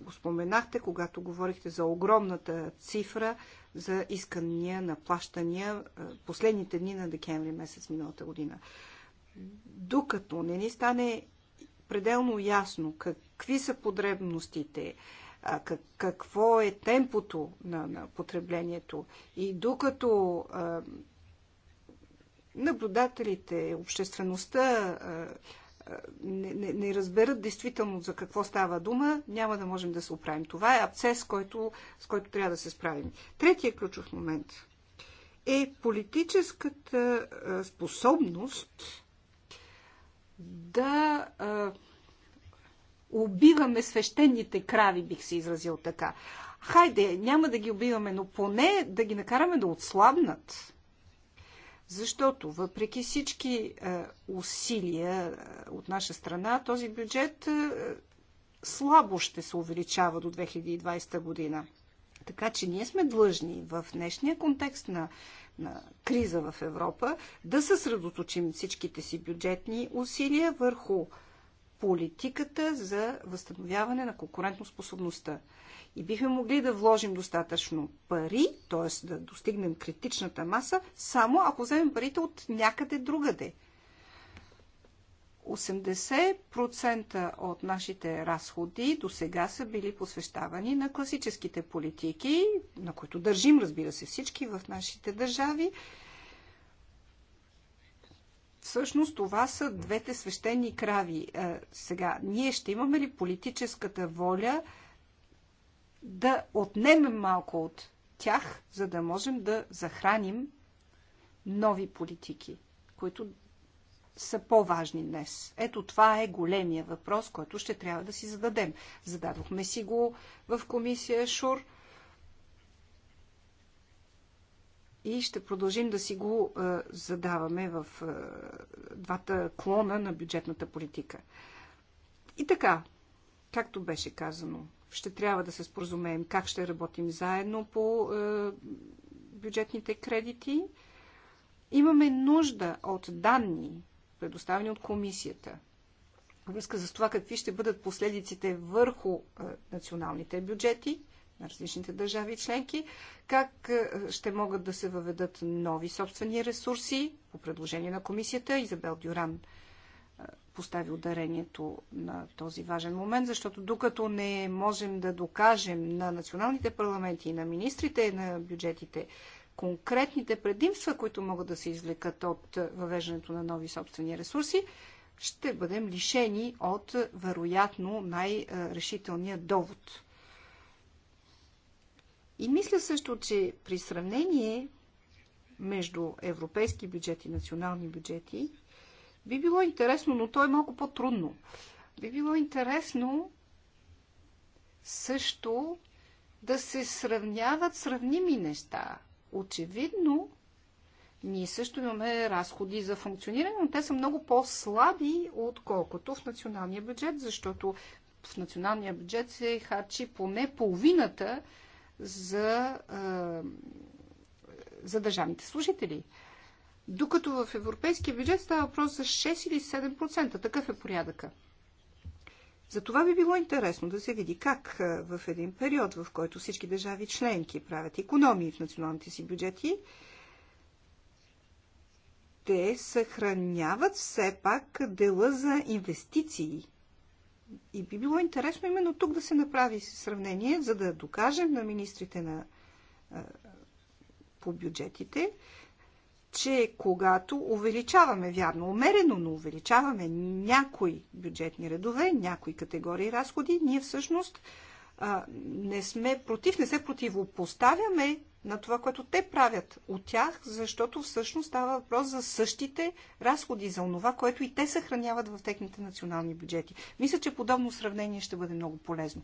го споменахте, когато говорихте за огромната цифра за искания на плащания е, последните дни на декември месец миналата година. Докато не ни стане пределно ясно какви са потребностите, какво е темпото на, на потреблението и докато наблюдателите, обществеността а, не, не, не разберат действително за какво става дума, няма да можем да се оправим. Това е абцес, който, с който трябва да се справим. Третия ключов момент е политическата способност да убиваме свещените крави, бих се изразил така. Хайде, няма да ги убиваме, но поне да ги накараме да отслабнат. Защото, въпреки всички е, усилия е, от наша страна, този бюджет е, слабо ще се увеличава до 2020 година. Така че ние сме длъжни в днешния контекст на, на криза в Европа да съсредоточим всичките си бюджетни усилия върху политиката за възстановяване на конкурентоспособността и бихме могли да вложим достатъчно пари, т.е. да достигнем критичната маса, само ако вземем парите от някъде другаде. 80% от нашите разходи до сега са били посвещавани на класическите политики, на които държим, разбира се, всички в нашите държави. Всъщност това са двете свещени крави. Е, сега, ние ще имаме ли политическата воля да отнемем малко от тях, за да можем да захраним нови политики, които са по-важни днес. Ето това е големия въпрос, който ще трябва да си зададем. Зададохме си го в комисия ШУР и ще продължим да си го е, задаваме в е, двата клона на бюджетната политика. И така, както беше казано, ще трябва да се споразумеем как ще работим заедно по е, бюджетните кредити. Имаме нужда от данни, предоставени от комисията, връзка за това какви ще бъдат последиците върху е, националните бюджети на различните държави и членки, как е, ще могат да се въведат нови собствени ресурси по предложение на комисията. Изабел Дюран постави ударението на този важен момент, защото докато не можем да докажем на националните парламенти и на министрите и на бюджетите конкретните предимства, които могат да се извлекат от въвеждането на нови собствени ресурси, ще бъдем лишени от вероятно най-решителния довод. И мисля също, че при сравнение между европейски бюджет и национални бюджети, би било интересно, но то е малко по-трудно. Би било интересно също да се сравняват сравними неща. Очевидно, ние също имаме разходи за функциониране, но те са много по-слаби, отколкото в националния бюджет, защото в националния бюджет се харчи поне половината за, за държавните служители. Докато в европейския бюджет става въпрос за 6 или 7%. Такъв е порядъка. За това би било интересно да се види как в един период, в който всички държави членки правят економии в националните си бюджети, те съхраняват все пак дела за инвестиции. И би било интересно именно тук да се направи сравнение, за да докажем на министрите на, по бюджетите, че когато увеличаваме, вярно, умерено, но увеличаваме някои бюджетни редове, някои категории разходи, ние всъщност а, не сме против, не се противопоставяме на това, което те правят от тях, защото всъщност става въпрос за същите разходи, за онова, което и те съхраняват в техните национални бюджети. Мисля, че подобно сравнение ще бъде много полезно.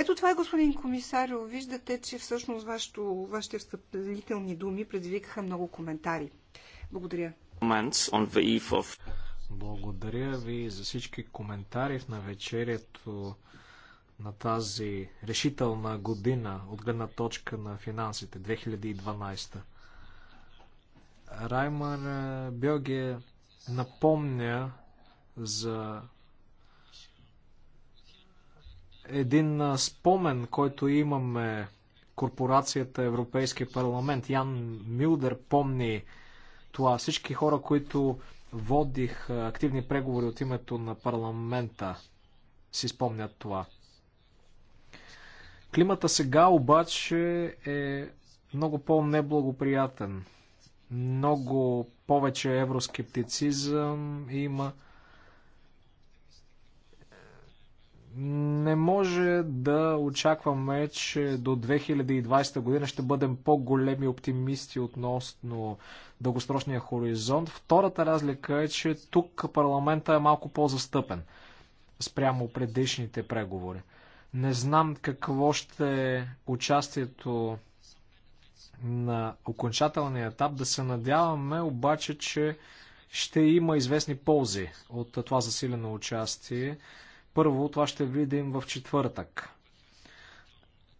Ето това, е, господин комисар, виждате, че всъщност вашето, вашите встъпителни думи предизвикаха много коментари. Благодаря. Благодаря ви за всички коментари в навечерието на тази решителна година от гледна точка на финансите 2012. Раймар Белгия напомня за един спомен, който имаме корпорацията Европейски парламент. Ян Милдер помни това. Всички хора, които водих активни преговори от името на парламента, си спомнят това. Климата сега обаче е много по-неблагоприятен. Много повече евроскептицизъм има. Не може да очакваме, че до 2020 година ще бъдем по-големи оптимисти относно дългосрочния хоризонт. Втората разлика е, че тук парламента е малко по-застъпен спрямо предишните преговори. Не знам какво ще е участието на окончателния етап. Да се надяваме обаче, че ще има известни ползи от това засилено участие. Първо, това ще видим в четвъртък.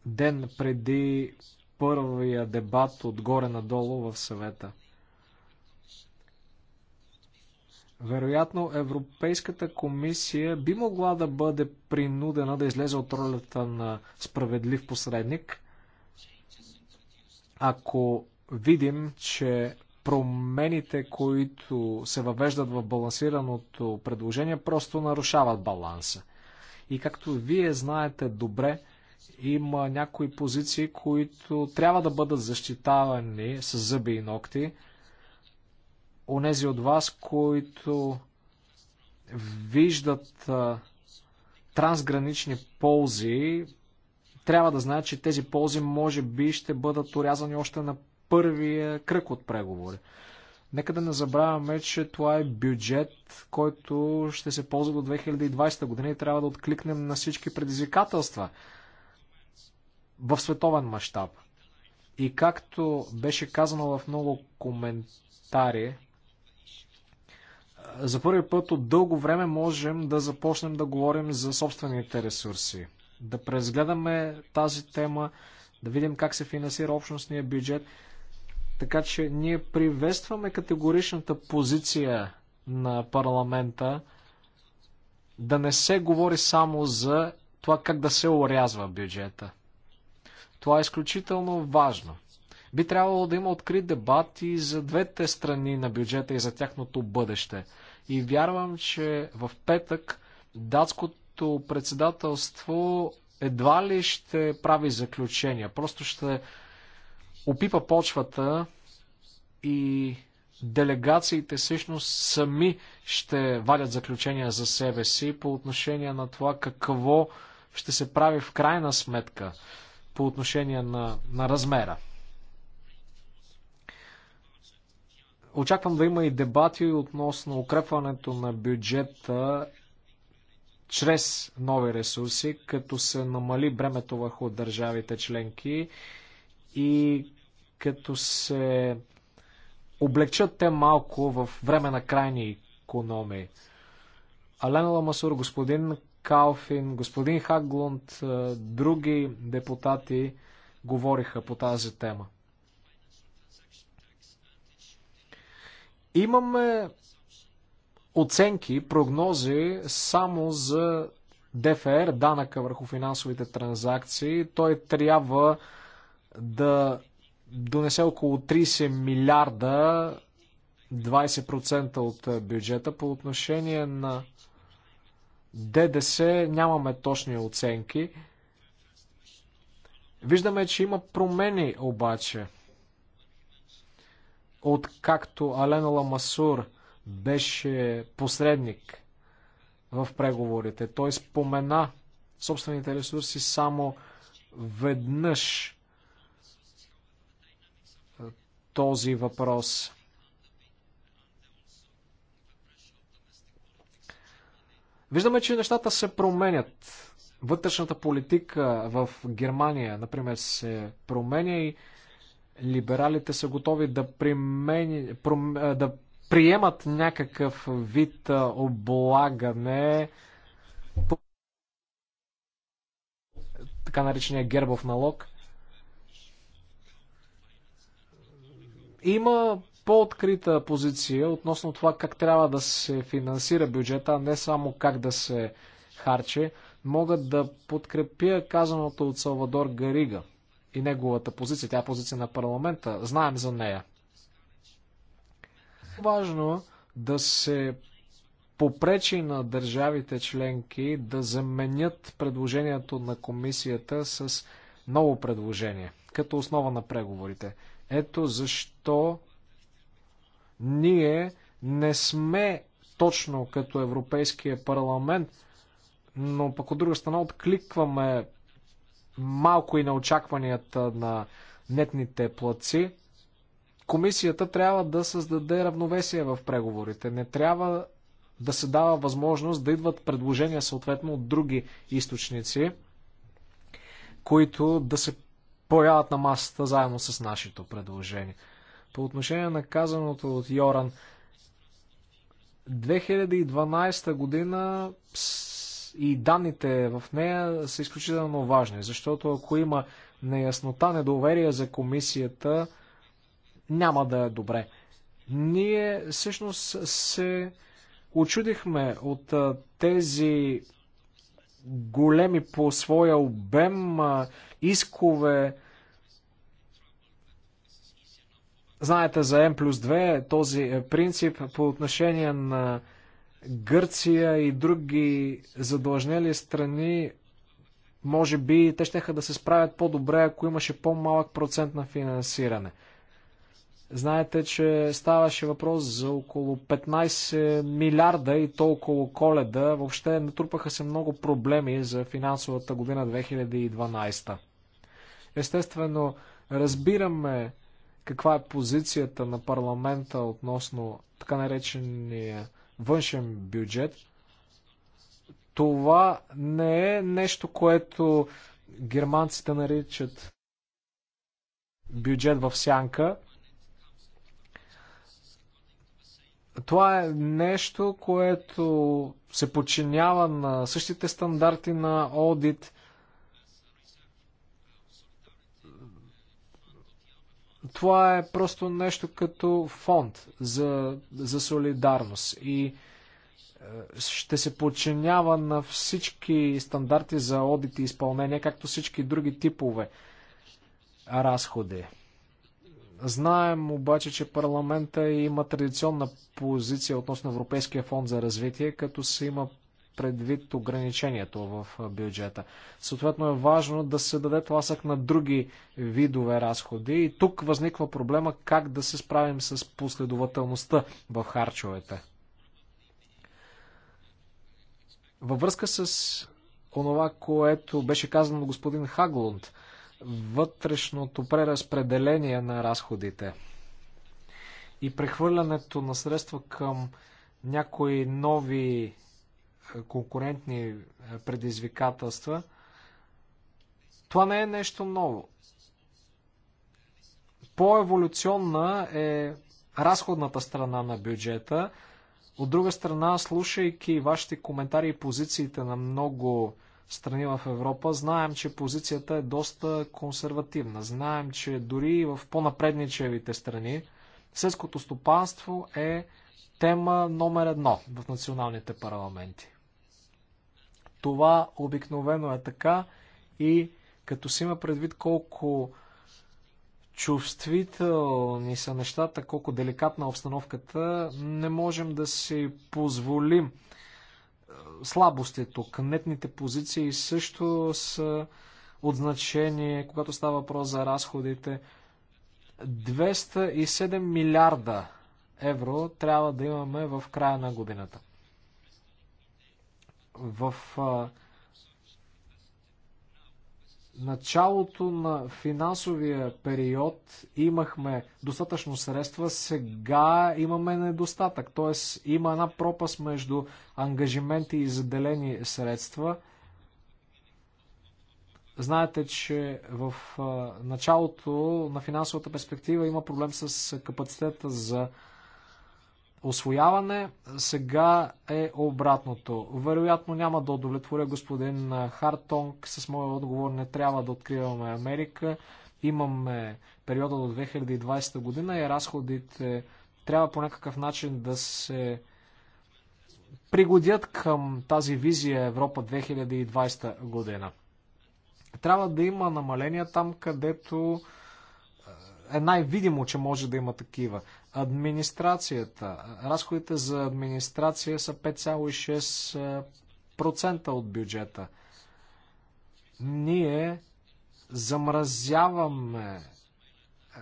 Ден преди първия дебат отгоре надолу в съвета. Вероятно, Европейската комисия би могла да бъде принудена да излезе от ролята на справедлив посредник, ако видим, че промените, които се въвеждат в балансираното предложение, просто нарушават баланса. И както вие знаете добре, има някои позиции, които трябва да бъдат защитавани с зъби и ногти. Онези от вас, които виждат а, трансгранични ползи, трябва да знаят, че тези ползи може би ще бъдат урязани още на първия кръг от преговори. Нека да не забравяме, че това е бюджет, който ще се ползва до 2020 година и трябва да откликнем на всички предизвикателства в световен мащаб. И както беше казано в много коментари, за първи път от дълго време можем да започнем да говорим за собствените ресурси. Да презгледаме тази тема, да видим как се финансира общностния бюджет. Така че ние приветстваме категоричната позиция на парламента да не се говори само за това как да се орязва бюджета. Това е изключително важно. Би трябвало да има открит дебат и за двете страни на бюджета и за тяхното бъдеще. И вярвам, че в петък датското председателство едва ли ще прави заключения. Просто ще опипа почвата и делегациите всъщност сами ще вадят заключения за себе си по отношение на това какво ще се прави в крайна сметка по отношение на, на размера. Очаквам да има и дебати относно укрепването на бюджета чрез нови ресурси, като се намали бремето върху държавите членки и като се облегчат те малко в време на крайни економии. Алена Ламасур, господин Калфин, господин Хаглунд, е, други депутати говориха по тази тема. Имаме оценки, прогнози само за ДФР, данъка върху финансовите транзакции. Той трябва да донесе около 30 милиарда, 20% от е, бюджета. По отношение на ДДС нямаме точни оценки. Виждаме, че има промени обаче. Откакто Алена Ламасур беше посредник в преговорите, той спомена собствените ресурси само веднъж този въпрос. Виждаме, че нещата се променят. Вътрешната политика в Германия, например, се променя и либералите са готови да, примени, пром, е, да приемат някакъв вид е, облагане така наречения гербов налог – има по-открита позиция относно това как трябва да се финансира бюджета, а не само как да се харче. могат да подкрепя казаното от Салвадор Гарига и неговата позиция. Тя е позиция на парламента. Знаем за нея. Важно да се попречи на държавите членки да заменят предложението на комисията с ново предложение, като основа на преговорите. Ето защо ние не сме точно като Европейския парламент, но пък от друга страна откликваме малко и на очакванията на нетните плаци. Комисията трябва да създаде равновесие в преговорите. Не трябва да се дава възможност да идват предложения съответно от други източници, които да се появят на масата заедно с нашето предложение. По отношение на казаното от Йоран, 2012 година и данните в нея са изключително важни, защото ако има неяснота, недоверие за комисията, няма да е добре. Ние всъщност се очудихме от тези големи по своя обем искове. Знаете за М плюс 2, е този е, принцип по отношение на Гърция и други задължнели страни, може би те ще да се справят по-добре, ако имаше по-малък процент на финансиране. Знаете, че ставаше въпрос за около 15 милиарда и то около коледа. Въобще натрупаха се много проблеми за финансовата година 2012. Естествено, разбираме каква е позицията на парламента относно така наречения външен бюджет. Това не е нещо, което германците наричат бюджет в сянка – Това е нещо, което се подчинява на същите стандарти на аудит. Това е просто нещо като фонд за, за солидарност и е, ще се подчинява на всички стандарти за одити и изпълнение, както всички други типове разходи. Знаем обаче, че парламента има традиционна позиция относно Европейския фонд за развитие, като се има предвид ограничението в бюджета. Съответно е важно да се даде тласък на други видове разходи и тук възниква проблема как да се справим с последователността в харчовете. Във връзка с онова, което беше казано господин Хаглунд – вътрешното преразпределение на разходите и прехвърлянето на средства към някои нови е, конкурентни е, предизвикателства, това не е нещо ново. По-еволюционна е разходната страна на бюджета. От друга страна, слушайки вашите коментари и позициите на много страни в Европа. Знаем, че позицията е доста консервативна. Знаем, че дори и в по-напредничевите страни сельското стопанство е тема номер едно в националните парламенти. Това обикновено е така и като си има предвид колко чувствителни са нещата, колко деликатна е обстановката, не можем да си позволим слабости е тук. Нетните позиции също са от значение, когато става въпрос за разходите. 207 милиарда евро трябва да имаме в края на годината. В началото на финансовия период имахме достатъчно средства, сега имаме недостатък. Т.е. има една пропаст между ангажименти и заделени средства. Знаете, че в началото на финансовата перспектива има проблем с капацитета за освояване, сега е обратното. Вероятно няма да удовлетворя господин Хартонг с моя отговор. Не трябва да откриваме Америка. Имаме периода до 2020 година и разходите трябва по някакъв начин да се пригодят към тази визия Европа 2020 година. Трябва да има намаления там, където е, е най-видимо, че може да има такива. Администрацията. Разходите за администрация са 5,6% от бюджета. Ние замразяваме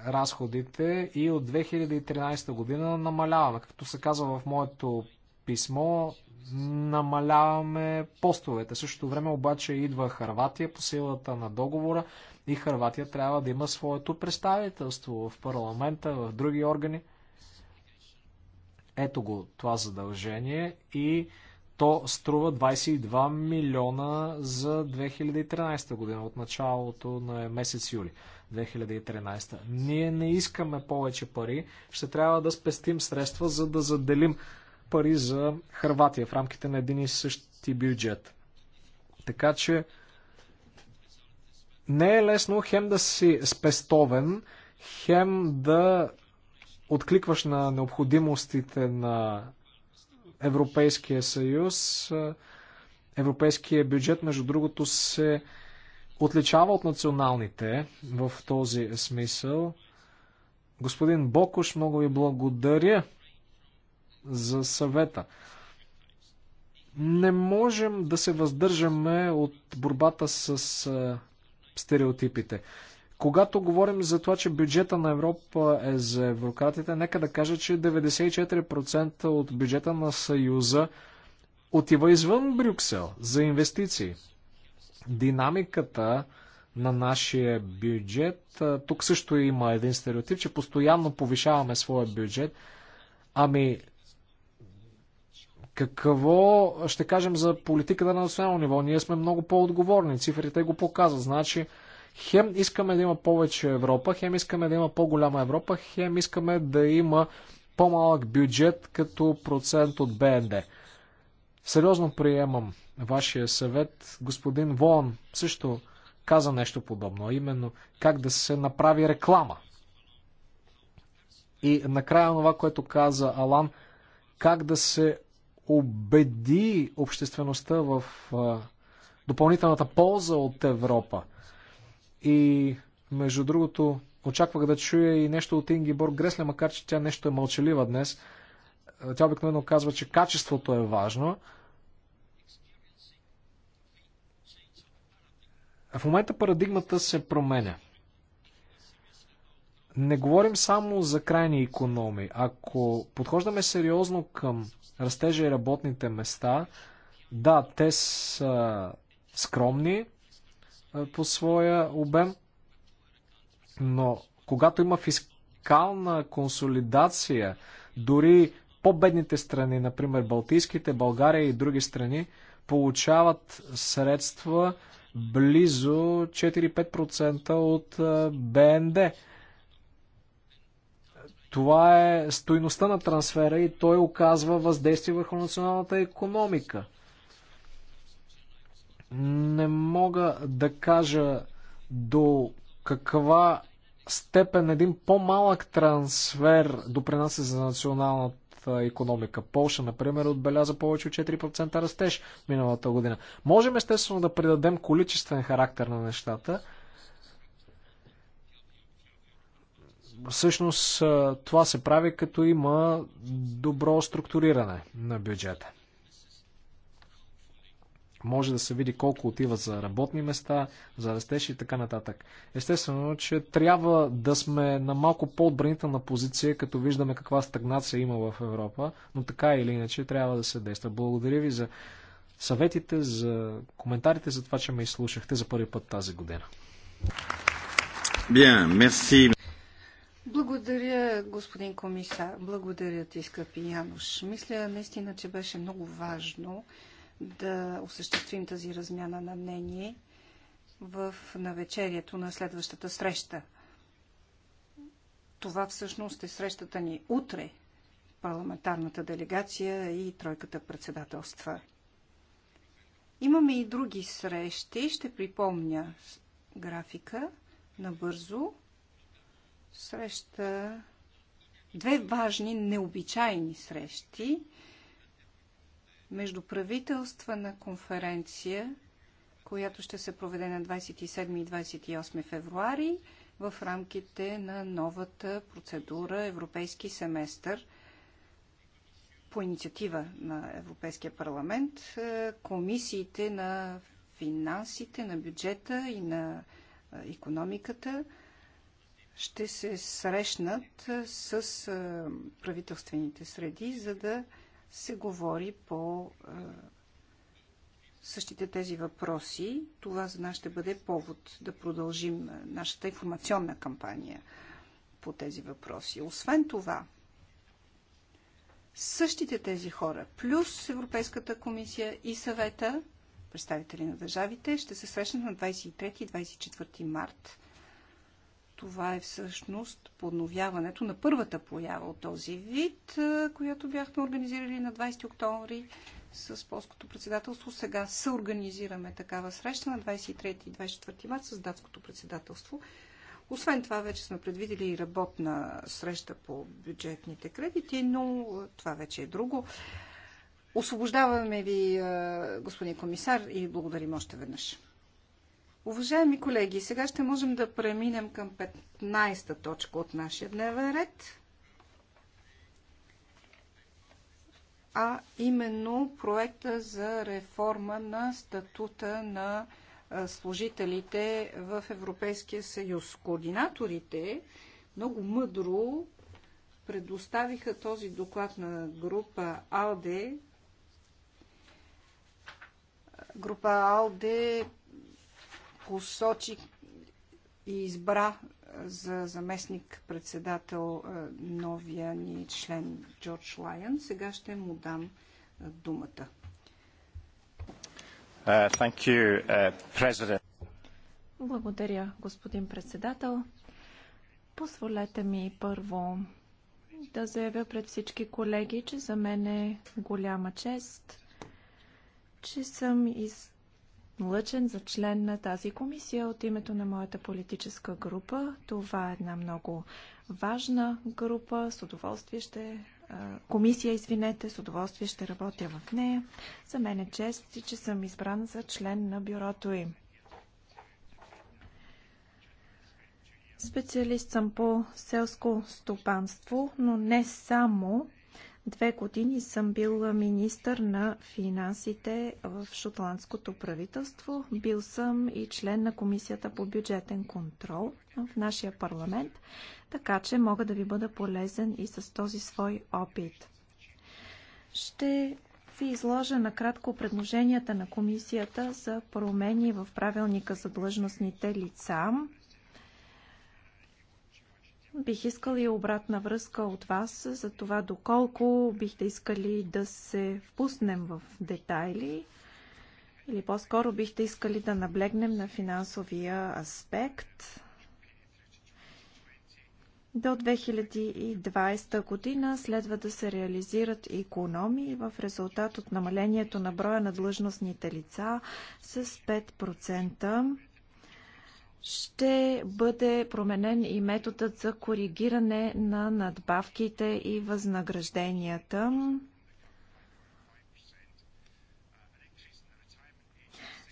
разходите и от 2013 година намаляваме. Както се казва в моето писмо, намаляваме постовете. Същото време обаче идва Харватия по силата на договора и Харватия трябва да има своето представителство в парламента, в други органи. Ето го това задължение и то струва 22 милиона за 2013 година, от началото на месец юли 2013. Ние не искаме повече пари, ще трябва да спестим средства, за да заделим пари за Харватия в рамките на един и същи бюджет. Така че не е лесно хем да си спестовен, хем да откликваш на необходимостите на Европейския съюз. Европейския бюджет, между другото, се отличава от националните в този смисъл. Господин Бокош, много ви благодаря за съвета. Не можем да се въздържаме от борбата с стереотипите. Когато говорим за това, че бюджета на Европа е за еврократите, нека да кажа, че 94% от бюджета на Съюза отива извън Брюксел за инвестиции. Динамиката на нашия бюджет, тук също има един стереотип, че постоянно повишаваме своя бюджет. Ами, какво ще кажем за политиката на национално ниво? Ние сме много по-отговорни. Цифрите го показват. Значи, Хем искаме да има повече Европа, хем искаме да има по-голяма Европа, хем искаме да има по-малък бюджет като процент от БНД. Сериозно приемам вашия съвет. Господин Вон също каза нещо подобно, а именно как да се направи реклама. И накрая това, което каза Алан, как да се убеди обществеността в допълнителната полза от Европа – и между другото, очаквах да чуя и нещо от Борг Гресле, макар че тя нещо е мълчалива днес. Тя обикновено казва, че качеството е важно. В момента парадигмата се променя. Не говорим само за крайни економи. Ако подхождаме сериозно към растежа и работните места, да, те са скромни, е, по своя обем, но когато има фискална консолидация, дори по-бедните страни, например Балтийските, България и други страни, получават средства близо 4-5% от е, БНД. Това е стоиността на трансфера и той оказва въздействие върху националната економика. Не мога да кажа до каква степен един по-малък трансфер допринася за националната економика. Полша, например, отбеляза повече от 4% растеж миналата година. Можем естествено да придадем количествен характер на нещата. Всъщност това се прави като има добро структуриране на бюджета. Може да се види колко отива за работни места, за растеж и така нататък. Естествено, че трябва да сме на малко по-отбранителна позиция, като виждаме каква стагнация има в Европа, но така или иначе трябва да се действа. Благодаря ви за съветите, за коментарите, за това, че ме изслушахте за първи път тази година. Bien, merci. Благодаря, господин комисар. Благодаря ти, скъпи Януш. Мисля наистина, че беше много важно да осъществим тази размяна на мнение в навечерието на следващата среща. Това всъщност е срещата ни утре, парламентарната делегация и тройката председателства. Имаме и други срещи. Ще припомня графика на бързо Среща. Две важни, необичайни срещи междуправителствена конференция, която ще се проведе на 27 и 28 февруари в рамките на новата процедура Европейски семестър по инициатива на Европейския парламент. Е, комисиите на финансите, на бюджета и на економиката ще се срещнат с е, правителствените среди, за да се говори по е, същите тези въпроси. Това за нас ще бъде повод да продължим е, нашата информационна кампания по тези въпроси. Освен това, същите тези хора, плюс Европейската комисия и съвета, представители на държавите, ще се срещнат на 23 и 24 март това е всъщност подновяването на първата поява от този вид, която бяхме организирали на 20 октомври с полското председателство. Сега се организираме такава среща на 23 и 24 марта с датското председателство. Освен това, вече сме предвидели и работна среща по бюджетните кредити, но това вече е друго. Освобождаваме ви, господин комисар, и благодарим още веднъж. Уважаеми колеги, сега ще можем да преминем към 15-та точка от нашия дневен ред. А именно проекта за реформа на статута на служителите в Европейския съюз. Координаторите много мъдро предоставиха този доклад на група АЛДЕ. Група АЛДЕ посочи и избра за заместник председател новия ни член Джордж Лайън. Сега ще му дам думата. Uh, you, uh, Благодаря, господин председател. Позволете ми първо да заявя пред всички колеги, че за мен е голяма чест, че съм из лъчен за член на тази комисия от името на моята политическа група. Това е една много важна група. С удоволствие ще. Комисия, извинете, с удоволствие ще работя в нея. За мен е чест, че съм избран за член на бюрото им. Специалист съм по селско стопанство, но не само. Две години съм бил министър на финансите в шотландското правителство. Бил съм и член на Комисията по бюджетен контрол в нашия парламент, така че мога да ви бъда полезен и с този свой опит. Ще ви изложа накратко предложенията на комисията за промени в правилника за длъжностните лица. Бих искала и обратна връзка от вас за това доколко бихте искали да се впуснем в детайли или по-скоро бихте искали да наблегнем на финансовия аспект. До 2020 година следва да се реализират економии в резултат от намалението на броя на длъжностните лица с 5% ще бъде променен и методът за коригиране на надбавките и възнагражденията.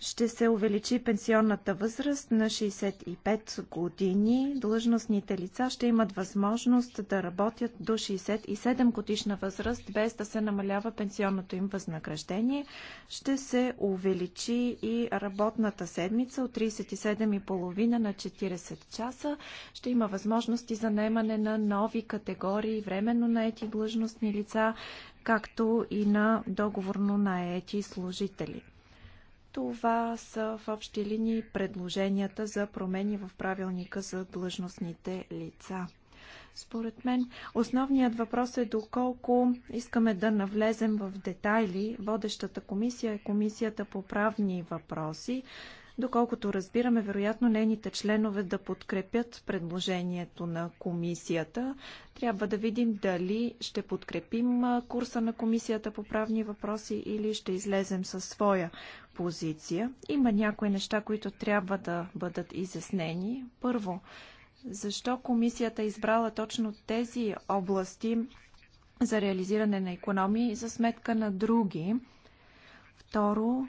ще се увеличи пенсионната възраст на 65 години. Длъжностните лица ще имат възможност да работят до 67 годишна възраст, без да се намалява пенсионното им възнаграждение. Ще се увеличи и работната седмица от 37,5 на 40 часа. Ще има възможности за наемане на нови категории временно наети длъжностни лица, както и на договорно наети служители. Това са в общи линии предложенията за промени в правилника за длъжностните лица. Според мен основният въпрос е доколко искаме да навлезем в детайли. Водещата комисия е комисията по правни въпроси. Доколкото разбираме, вероятно нейните членове да подкрепят предложението на комисията. Трябва да видим дали ще подкрепим курса на комисията по правни въпроси или ще излезем със своя позиция. Има някои неща, които трябва да бъдат изяснени. Първо, защо комисията е избрала точно тези области за реализиране на економии за сметка на други? Второ,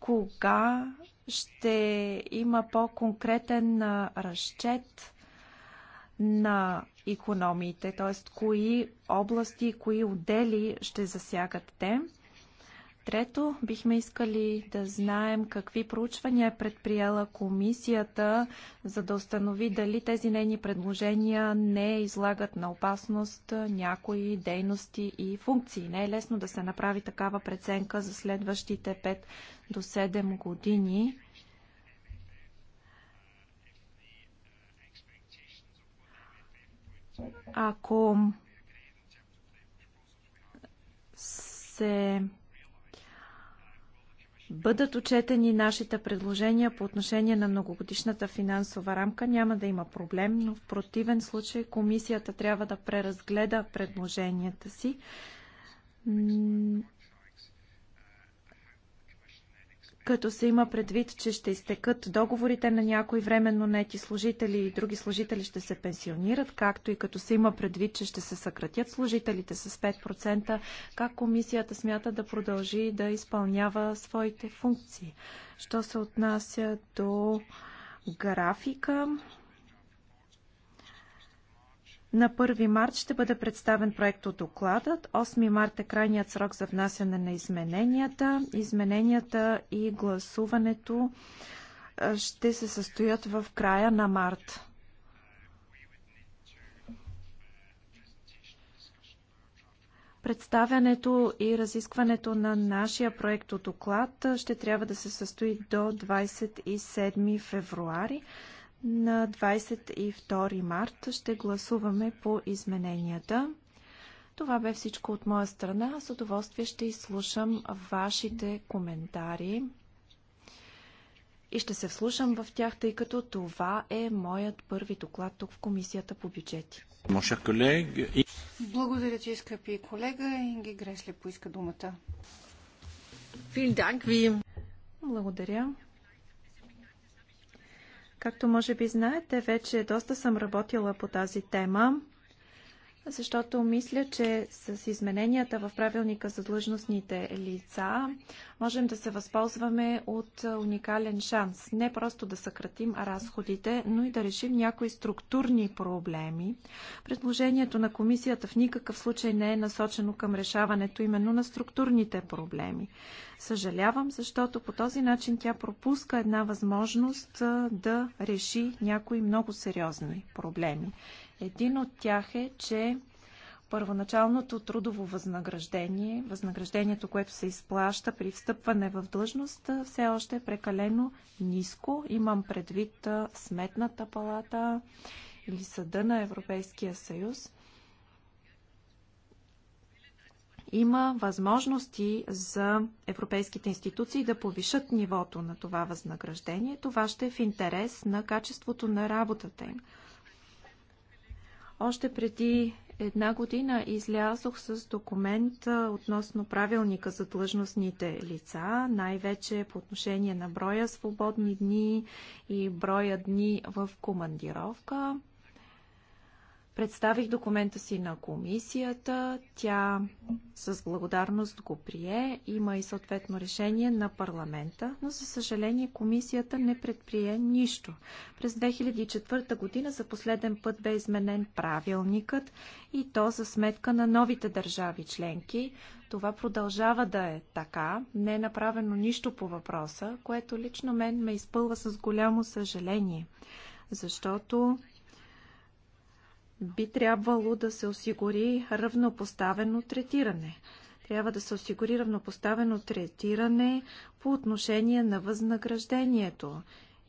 кога ще има по-конкретен разчет на економиите, т.е. кои области, кои отдели ще засягат те. Трето, бихме искали да знаем какви проучвания е предприела комисията, за да установи дали тези нейни предложения не излагат на опасност някои дейности и функции. Не е лесно да се направи такава преценка за следващите 5 до 7 години. Ако се бъдат отчетени нашите предложения по отношение на многогодишната финансова рамка, няма да има проблем, но в противен случай комисията трябва да преразгледа предложенията си като се има предвид, че ще изтекат договорите на някои временно нети служители и други служители ще се пенсионират, както и като се има предвид, че ще се съкратят служителите с 5%, как комисията смята да продължи да изпълнява своите функции? Що се отнася до графика, на 1 март ще бъде представен проект от докладът. 8 март е крайният срок за внасяне на измененията. Измененията и гласуването ще се състоят в края на март. Представянето и разискването на нашия проект от доклад ще трябва да се състои до 27 февруари. На 22 март ще гласуваме по измененията. Това бе всичко от моя страна. С удоволствие ще изслушам вашите коментари и ще се вслушам в тях, тъй като това е моят първи доклад тук в Комисията по бюджети. Благодаря ти, скъпи колега. Инги Гресле поиска думата. Благодаря. Както може би знаете, вече доста съм работила по тази тема защото мисля, че с измененията в правилника за длъжностните лица можем да се възползваме от уникален шанс. Не просто да съкратим разходите, но и да решим някои структурни проблеми. Предложението на комисията в никакъв случай не е насочено към решаването именно на структурните проблеми. Съжалявам, защото по този начин тя пропуска една възможност да реши някои много сериозни проблеми. Един от тях е, че първоначалното трудово възнаграждение, възнаграждението, което се изплаща при встъпване в длъжност, все още е прекалено ниско. Имам предвид сметната палата или съда на Европейския съюз. Има възможности за европейските институции да повишат нивото на това възнаграждение. Това ще е в интерес на качеството на работата им. Още преди една година излязох с документ относно правилника за длъжностните лица, най-вече по отношение на броя свободни дни и броя дни в командировка. Представих документа си на комисията, тя с благодарност го прие, има и съответно решение на парламента, но за съжаление комисията не предприе нищо. През 2004 година за последен път бе изменен правилникът и то за сметка на новите държави членки. Това продължава да е така, не е направено нищо по въпроса, което лично мен ме изпълва с голямо съжаление, защото би трябвало да се осигури равнопоставено третиране. Трябва да се осигури равнопоставено третиране по отношение на възнаграждението.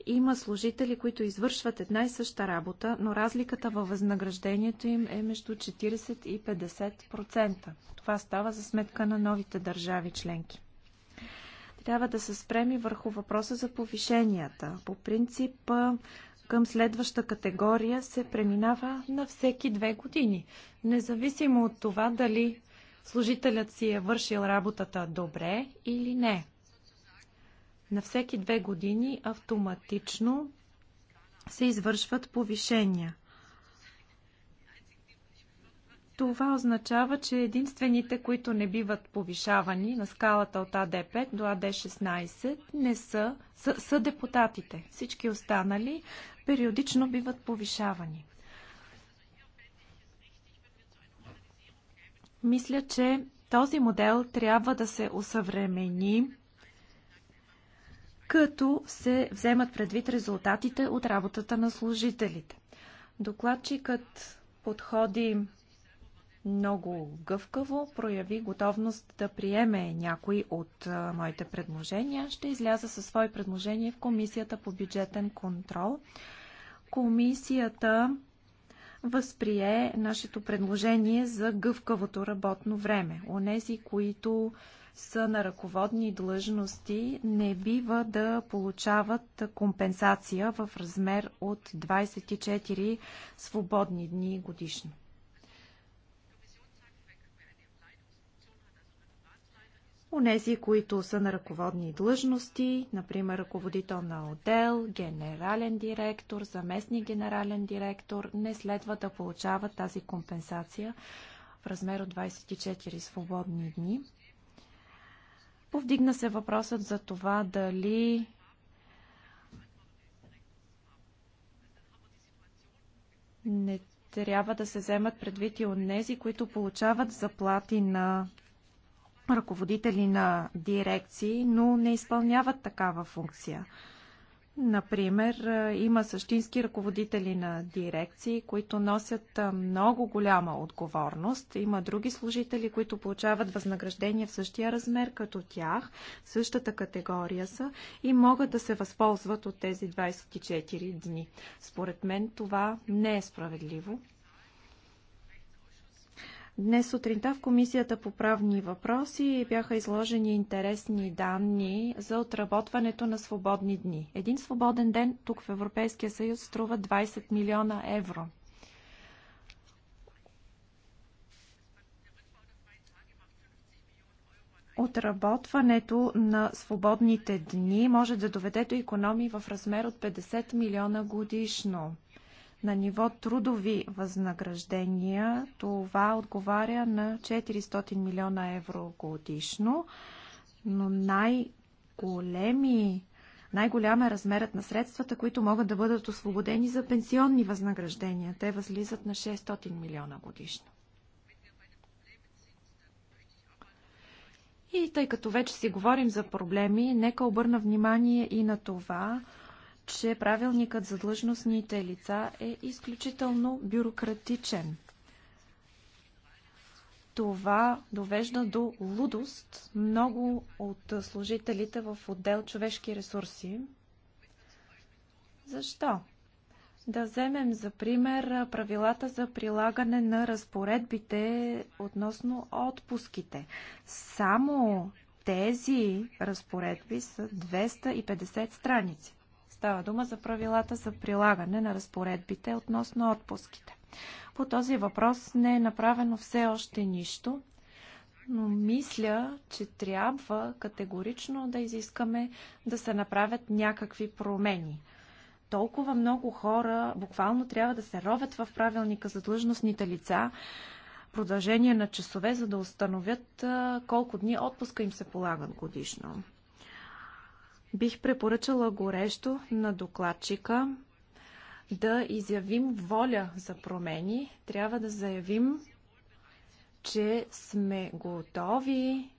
Има служители, които извършват една и съща работа, но разликата във възнаграждението им е между 40 и 50%. Това става за сметка на новите държави членки трябва да се спреми върху въпроса за повишенията. По принцип, към следваща категория се преминава на всеки две години. Независимо от това дали служителят си е вършил работата добре или не. На всеки две години автоматично се извършват повишения. Това означава, че единствените, които не биват повишавани на скалата от АД5 до АД16, не са, са, са депутатите. Всички останали периодично биват повишавани. Мисля, че този модел трябва да се усъвремени, като се вземат предвид резултатите от работата на служителите. Докладчикът подходи много гъвкаво, прояви готовност да приеме някои от моите предложения. Ще изляза със свои предложения в Комисията по бюджетен контрол. Комисията възприе нашето предложение за гъвкавото работно време. Онези, които са на ръководни длъжности, не бива да получават компенсация в размер от 24 свободни дни годишно. Унези, които са на ръководни длъжности, например ръководител на отдел, генерален директор, заместник генерален директор, не следва да получават тази компенсация в размер от 24 свободни дни. Повдигна се въпросът за това дали не трябва да се вземат предвид и от нези, които получават заплати на ръководители на дирекции, но не изпълняват такава функция. Например, е, има същински ръководители на дирекции, които носят е, много голяма отговорност. Има други служители, които получават възнаграждение в същия размер като тях, същата категория са и могат да се възползват от тези 24 дни. Според мен това не е справедливо. Днес сутринта в Комисията по правни въпроси бяха изложени интересни данни за отработването на свободни дни. Един свободен ден тук в Европейския съюз струва 20 милиона евро. Отработването на свободните дни може да доведе до економии в размер от 50 милиона годишно – на ниво трудови възнаграждения това отговаря на 400 милиона евро годишно, но най-големи най-голям е размерът на средствата, които могат да бъдат освободени за пенсионни възнаграждения. Те възлизат на 600 милиона годишно. И тъй като вече си говорим за проблеми, нека обърна внимание и на това, че правилникът за длъжностните лица е изключително бюрократичен. Това довежда до лудост много от служителите в отдел човешки ресурси. Защо? Да вземем за пример правилата за прилагане на разпоредбите относно отпуските. Само тези разпоредби са 250 страници. Става дума за правилата за прилагане на разпоредбите относно отпуските. По този въпрос не е направено все още нищо, но мисля, че трябва категорично да изискаме да се направят някакви промени толкова много хора буквално трябва да се ровят в правилника за длъжностните лица продължение на часове, за да установят колко дни отпуска им се полагат годишно. Бих препоръчала горещо на докладчика да изявим воля за промени. Трябва да заявим, че сме готови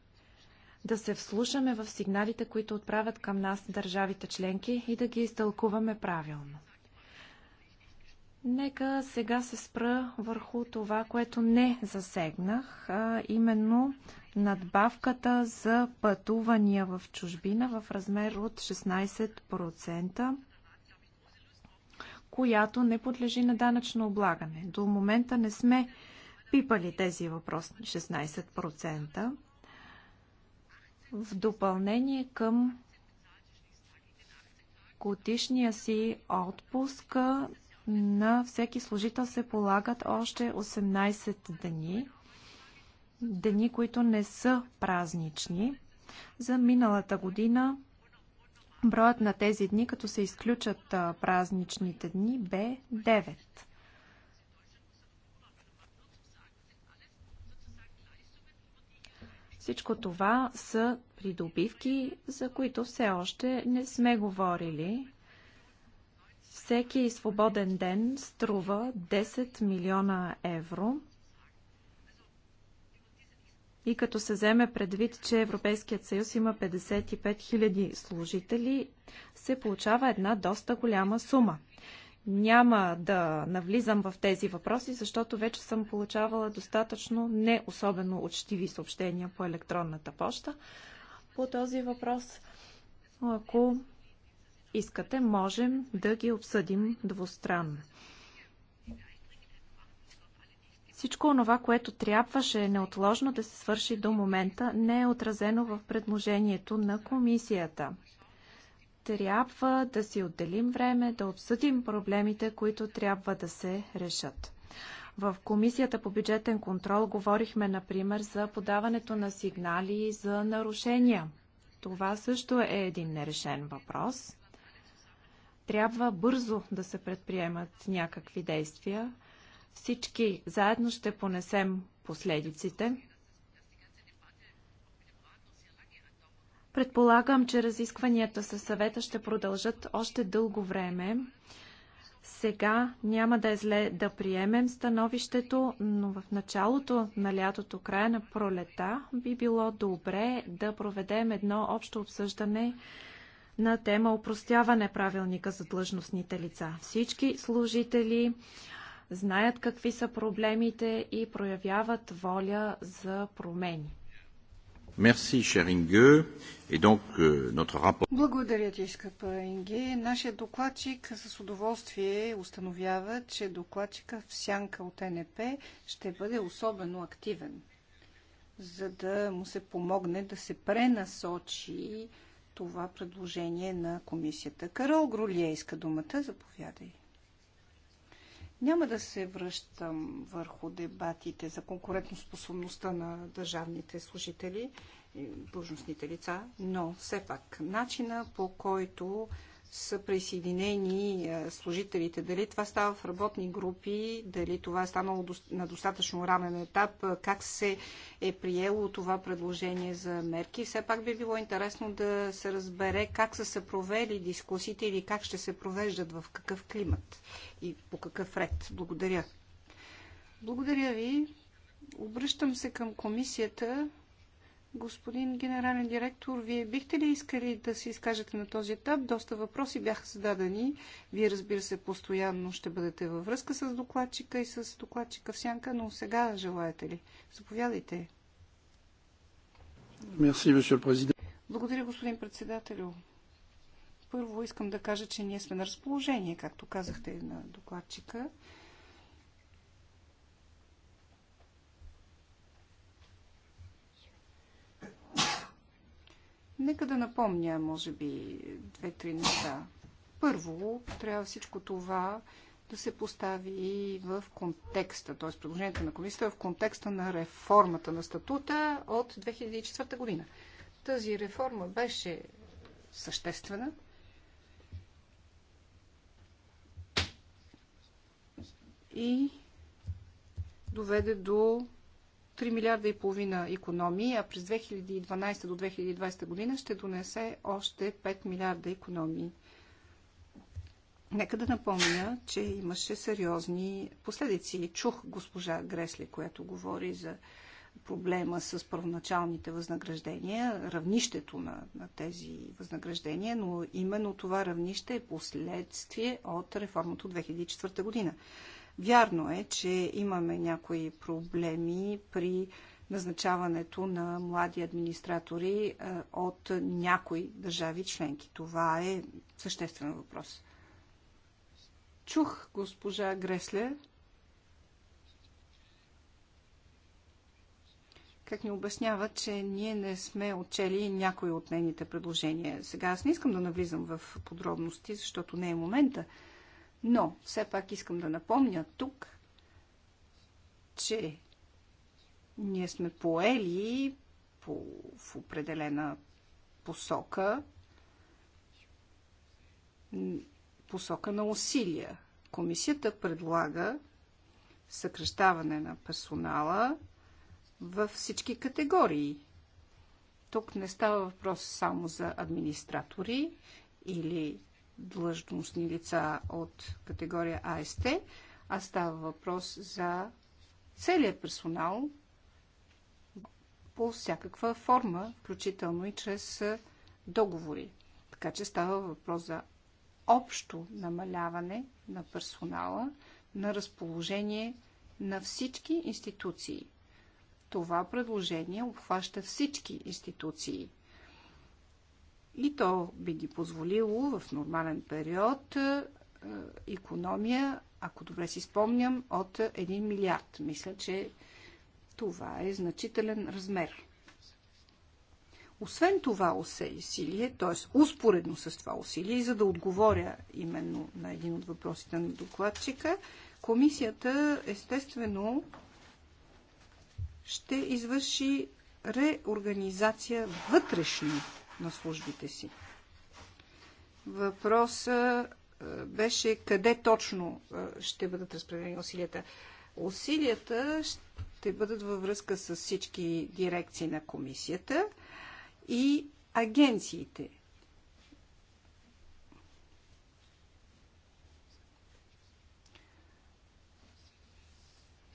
да се вслушаме в сигналите, които отправят към нас държавите членки и да ги изтълкуваме правилно. Нека сега се спра върху това, което не засегнах, а именно надбавката за пътувания в чужбина в размер от 16%, която не подлежи на данъчно облагане. До момента не сме пипали тези въпроси 16%. В допълнение към годишния си отпуск на всеки служител се полагат още 18 дни, дни, които не са празнични. За миналата година броят на тези дни, като се изключат празничните дни, бе 9. Всичко това са придобивки, за които все още не сме говорили всеки свободен ден струва 10 милиона евро. И като се вземе предвид, че Европейският съюз има 55 000 служители, се получава една доста голяма сума. Няма да навлизам в тези въпроси, защото вече съм получавала достатъчно не особено учтиви съобщения по електронната поща по този въпрос. Ако искате, можем да ги обсъдим двустранно. Всичко онова, което трябваше неотложно да се свърши до момента, не е отразено в предложението на комисията. Трябва да си отделим време, да обсъдим проблемите, които трябва да се решат. В Комисията по бюджетен контрол говорихме, например, за подаването на сигнали за нарушения. Това също е един нерешен въпрос – трябва бързо да се предприемат някакви действия. Всички заедно ще понесем последиците. Предполагам, че разискванията със съвета ще продължат още дълго време. Сега няма да е зле да приемем становището, но в началото на лятото, края на пролета, би било добре да проведем едно общо обсъждане на тема упростяване правилника за длъжностните лица. Всички служители знаят какви са проблемите и проявяват воля за промени. Merci, cher Inge. Et donc, euh, notre rapport... Благодаря ти, скъпа Инге. Нашия докладчик с удоволствие установява, че докладчика в сянка от НП ще бъде особено активен, за да му се помогне да се пренасочи това предложение на комисията. Карл Грулия иска думата. Заповядай. Няма да се връщам върху дебатите за конкурентоспособността на държавните служители, длъжностните лица, но все пак начина по който са присъединени служителите. Дали това става в работни групи, дали това е станало на достатъчно рамен етап, как се е приело това предложение за мерки. Все пак би било интересно да се разбере как са се провели дискусиите или как ще се провеждат, в какъв климат и по какъв ред. Благодаря. Благодаря ви. Обръщам се към комисията. Господин генерален директор, вие бихте ли искали да се изкажете на този етап? Доста въпроси бяха зададени. Вие, разбира се, постоянно ще бъдете във връзка с докладчика и с докладчика в сянка, но сега желаете ли? Заповядайте. Благодаря, господин председателю. Първо искам да кажа, че ние сме на разположение, както казахте на докладчика. Нека да напомня, може би, две-три неща. Първо, трябва всичко това да се постави и в контекста, т.е. предложението на комисията в контекста на реформата на статута от 2004 година. Тази реформа беше съществена. И доведе до 3 милиарда и половина економии, а през 2012 до 2020 година ще донесе още 5 милиарда економии. Нека да напомня, че имаше сериозни последици. Чух госпожа Гресли, която говори за проблема с първоначалните възнаграждения, равнището на, на тези възнаграждения, но именно това равнище е последствие от реформата от 2004 година. Вярно е, че имаме някои проблеми при назначаването на млади администратори е, от някои държави членки. Това е съществен въпрос. Чух госпожа Гресле. Как ни обяснява, че ние не сме отчели някои от нейните предложения. Сега аз не искам да навлизам в подробности, защото не е момента. Но все пак искам да напомня тук, че ние сме поели по, в определена посока, посока на усилия. Комисията предлага съкръщаване на персонала във всички категории. Тук не става въпрос само за администратори или длъжностни лица от категория АСТ, а става въпрос за целият персонал по всякаква форма, включително и чрез договори. Така че става въпрос за общо намаляване на персонала на разположение на всички институции. Това предложение обхваща всички институции – и то би ги позволило в нормален период економия, ако добре си спомням, от 1 милиард. Мисля, че това е значителен размер. Освен това усилие, т.е. успоредно с това усилие, и за да отговоря именно на един от въпросите на докладчика, комисията естествено ще извърши реорганизация вътрешно на службите си. Въпросът е, беше къде точно е, ще бъдат разпределени усилията. Усилията ще бъдат във връзка с всички дирекции на комисията и агенциите.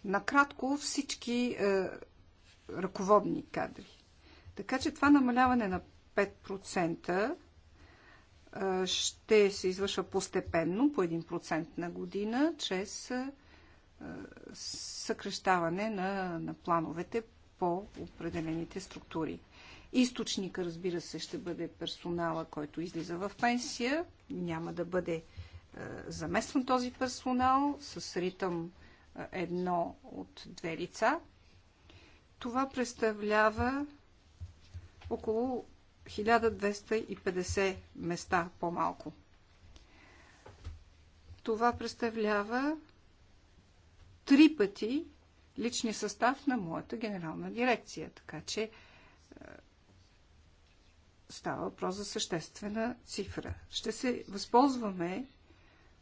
Накратко всички е, ръководни кадри. Така че това намаляване на 5% ще се извършва постепенно, по 1% на година, чрез съкрещаване на, на плановете по определените структури. Източника, разбира се, ще бъде персонала, който излиза в пенсия. Няма да бъде е, заместван този персонал с ритъм е, едно от две лица. Това представлява около 1250 места по-малко. Това представлява три пъти личния състав на моята генерална дирекция. Така че е, става въпрос за съществена цифра. Ще се възползваме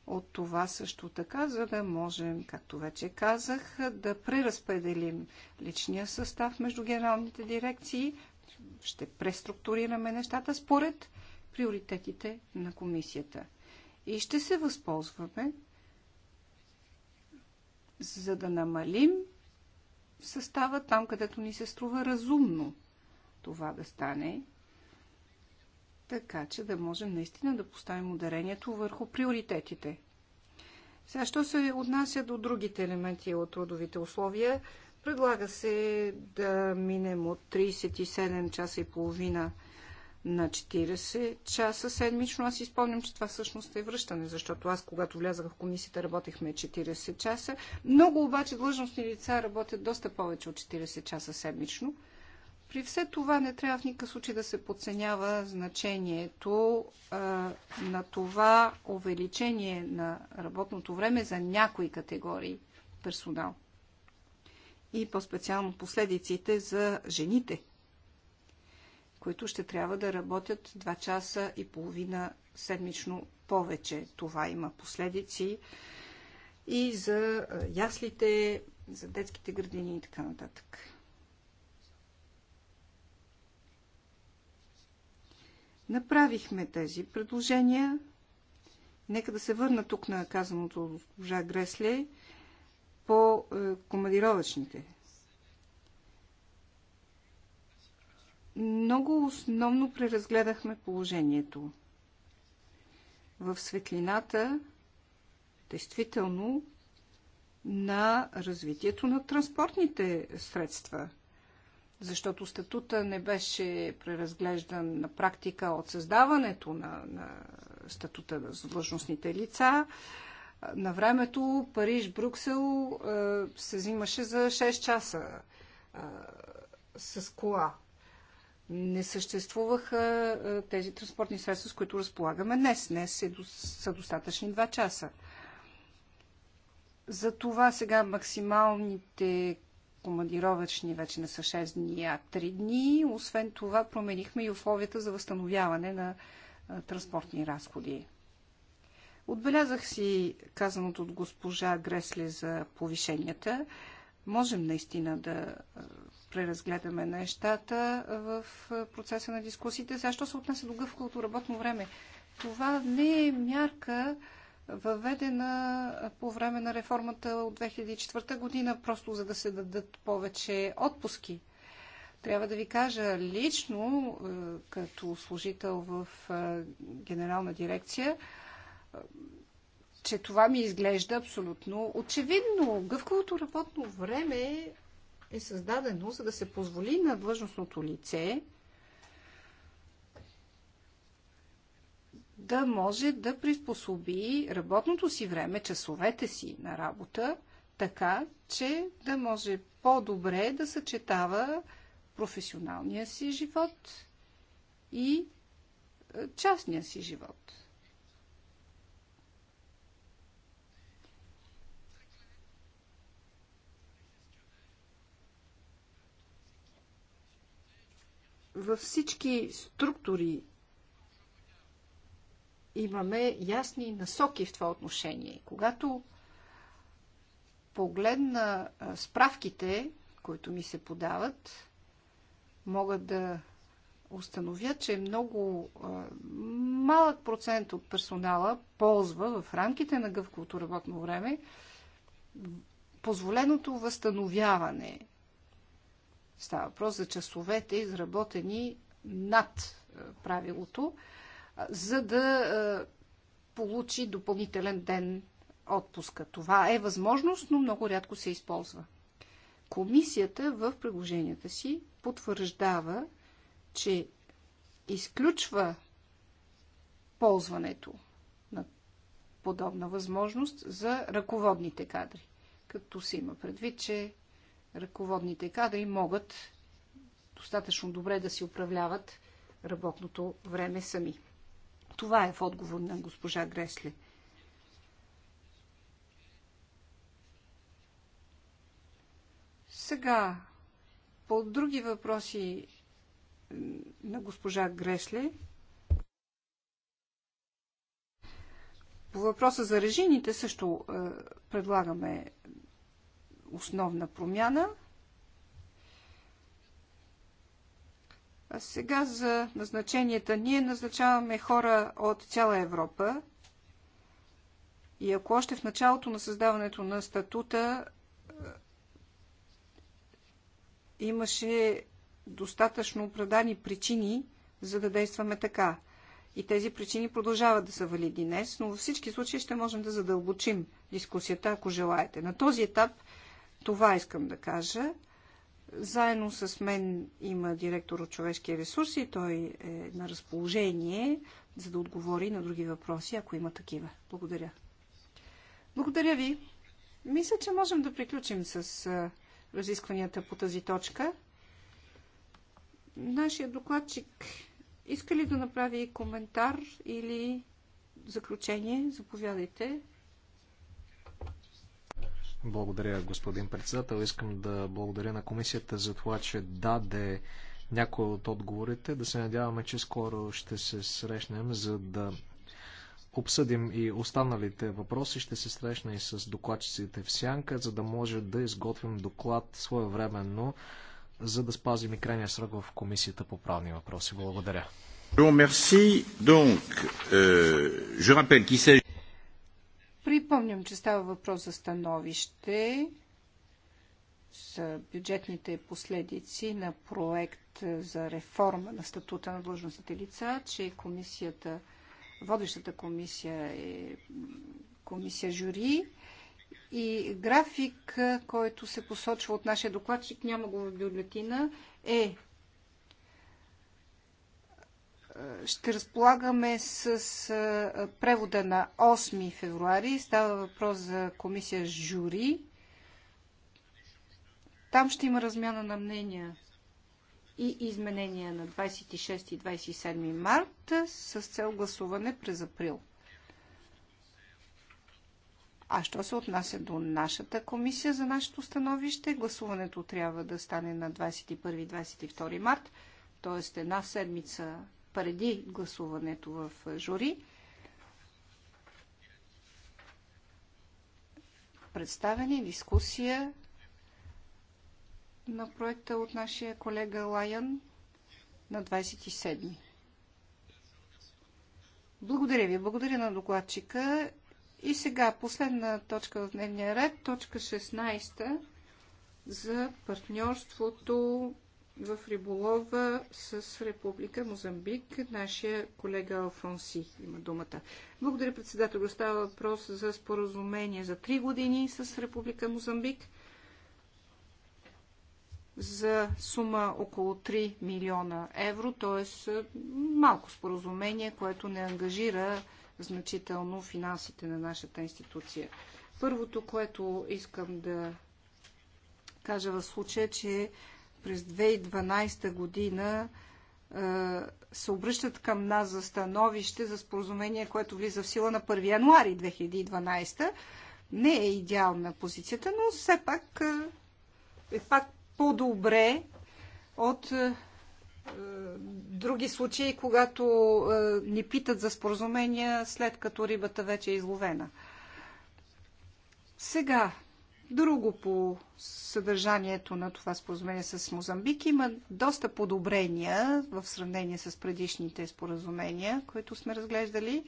от това също така, за да можем, както вече казах, да преразпределим личния състав между генералните дирекции, ще преструктурираме нещата според приоритетите на комисията. И ще се възползваме, за да намалим състава там, където ни се струва разумно това да стане, така че да можем наистина да поставим ударението върху приоритетите. Сега, що се отнася до другите елементи от трудовите условия, Предлага се да минем от 37 часа и половина на 40 часа седмично. Аз изпомням, че това всъщност е връщане, защото аз, когато влязах в комисията, работехме 40 часа. Много обаче длъжностни лица работят доста повече от 40 часа седмично. При все това не трябва в никакъв случай да се подценява значението а, на това увеличение на работното време за някои категории персонал и по-специално последиците за жените, които ще трябва да работят 2 часа и половина седмично повече. Това има последици и за яслите, за детските градини и така нататък. Направихме тези предложения. Нека да се върна тук на казаното от госпожа Гресле по е, командировъчните. Много основно преразгледахме положението. В светлината, действително, на развитието на транспортните средства. Защото статута не беше преразглеждан на практика от създаването на, на статута за длъжностните лица. На времето Париж-Брюксел е, се взимаше за 6 часа е, с кола. Не съществуваха е, тези транспортни средства, с които разполагаме днес. Днес са достатъчни 2 часа. За това сега максималните командировъчни вече не са 6 дни, а 3 дни. Освен това променихме и условията за възстановяване на транспортни разходи. Отбелязах си казаното от госпожа Гресле за повишенията. Можем наистина да преразгледаме нещата в процеса на дискусиите. Защо се отнася до гъвкавото работно време? Това не е мярка, въведена по време на реформата от 2004 година, просто за да се дадат повече отпуски. Трябва да ви кажа лично, като служител в генерална дирекция, че това ми изглежда абсолютно очевидно. Гъвкавото работно време е създадено, за да се позволи на длъжностното лице да може да приспособи работното си време, часовете си на работа, така, че да може по-добре да съчетава професионалния си живот и е, частния си живот. Във всички структури имаме ясни насоки в това отношение. Когато погледна справките, които ми се подават, мога да установя, че много малък процент от персонала ползва в рамките на гъвковото работно време позволеното възстановяване Става въпрос за часовете, изработени над е, правилото, за да е, получи допълнителен ден отпуска. Това е възможност, но много рядко се използва. Комисията в предложенията си потвърждава, че изключва ползването на подобна възможност за ръководните кадри, като се има предвид, че ръководните кадри могат достатъчно добре да си управляват работното време сами. Това е в отговор на госпожа Гресли. Сега, по други въпроси на госпожа Гресле, по въпроса за режимите също е, предлагаме основна промяна. А сега за назначенията. Ние назначаваме хора от цяла Европа. И ако още в началото на създаването на статута имаше достатъчно оправдани причини, за да действаме така. И тези причини продължават да са валиди днес, но във всички случаи ще можем да задълбочим дискусията, ако желаете. На този етап това искам да кажа. Заедно с мен има директор от човешки ресурси. Той е на разположение, за да отговори на други въпроси, ако има такива. Благодаря. Благодаря ви. Мисля, че можем да приключим с разискванията по тази точка. Нашия докладчик иска ли да направи коментар или заключение? Заповядайте. Благодаря, господин председател. Искам да благодаря на комисията за това, че даде някои от отговорите. Да се надяваме, че скоро ще се срещнем, за да обсъдим и останалите въпроси. Ще се срещна и с докладчиците в Сянка, за да може да изготвим доклад своевременно, за да спазим и крайния срок в комисията по правни въпроси. Благодаря. Bon, merci. Donc, euh, je rappelle qu'il s'agit Припомням, че става въпрос за становище за бюджетните последици на проект за реформа на статута на длъжностните лица, че комисията, водещата комисия е комисия жюри и график, който се посочва от нашия докладчик, няма го в бюлетина, е ще разполагаме с превода на 8 февруари. Става въпрос за комисия жюри. Там ще има размяна на мнения и изменения на 26 и 27 март с цел гласуване през април. А що се отнася до нашата комисия за нашето становище, гласуването трябва да стане на 21-22 март, т.е. една седмица преди гласуването в жури. Представени дискусия на проекта от нашия колега Лайан на 27. Благодаря ви. Благодаря на докладчика. И сега последна точка в дневния ред, точка 16 за партньорството в риболова с Република Мозамбик. Нашия колега Алфонси има думата. Благодаря, председател. Става въпрос за споразумение за три години с Република Мозамбик за сума около 3 милиона евро, т.е. малко споразумение, което не ангажира значително финансите на нашата институция. Първото, което искам да кажа в случая, е, че през 2012 година се обръщат към нас за становище за споразумение, което влиза в сила на 1 януари 2012. Не е идеална позицията, но все пак е пак по-добре от други случаи, когато ни питат за споразумения, след като рибата вече е изловена. Сега, Друго по съдържанието на това споразумение с Мозамбик има доста подобрения в сравнение с предишните споразумения, които сме разглеждали.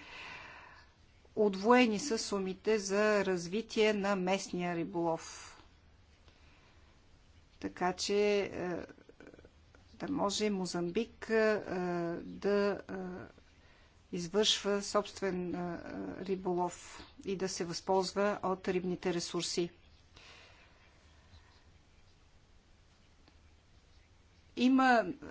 Отвоени са сумите за развитие на местния риболов. Така че е, да може Мозамбик е, да е, извършва собствен риболов и да се възползва от рибните ресурси. Има е,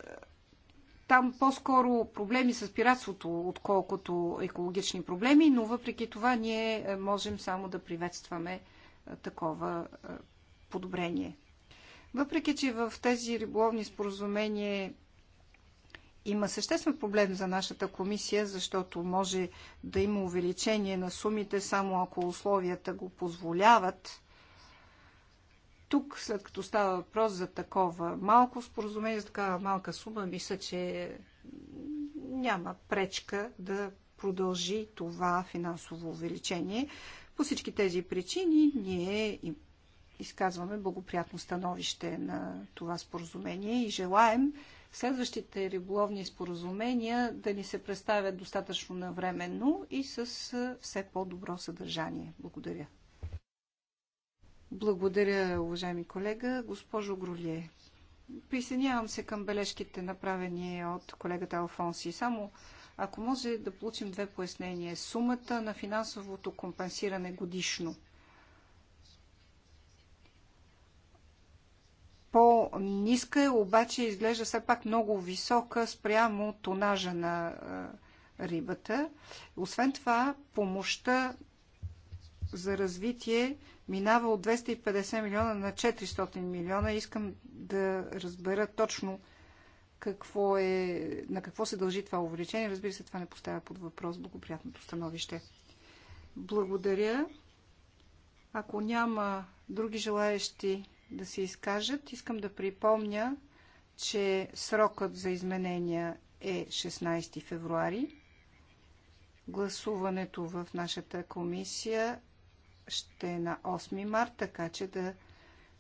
там по-скоро проблеми с пиратството, отколкото екологични проблеми, но въпреки това ние е, можем само да приветстваме е, такова подобрение. Въпреки, че в тези риболовни споразумения има съществен проблем за нашата комисия, защото може да има увеличение на сумите само ако условията го позволяват тук, след като става въпрос за такова малко споразумение, за такава малка сума, мисля, че няма пречка да продължи това финансово увеличение. По всички тези причини ние изказваме благоприятно становище на това споразумение и желаем следващите риболовни споразумения да ни се представят достатъчно навременно и с все по-добро съдържание. Благодаря. Благодаря, уважаеми колега. Госпожо Гролие, присъединявам се към бележките, направени от колегата Алфонси. Само ако може да получим две пояснения. Сумата на финансовото компенсиране годишно. По-ниска е, обаче изглежда все пак много висока спрямо тонажа на рибата. Освен това, помощта за развитие минава от 250 милиона на 400 милиона. Искам да разбера точно какво е, на какво се дължи това увеличение. Разбира се, това не поставя под въпрос благоприятното становище. Благодаря. Ако няма други желаящи да се изкажат, искам да припомня, че срокът за изменения е 16 февруари. Гласуването в нашата комисия ще е на 8 март, така че да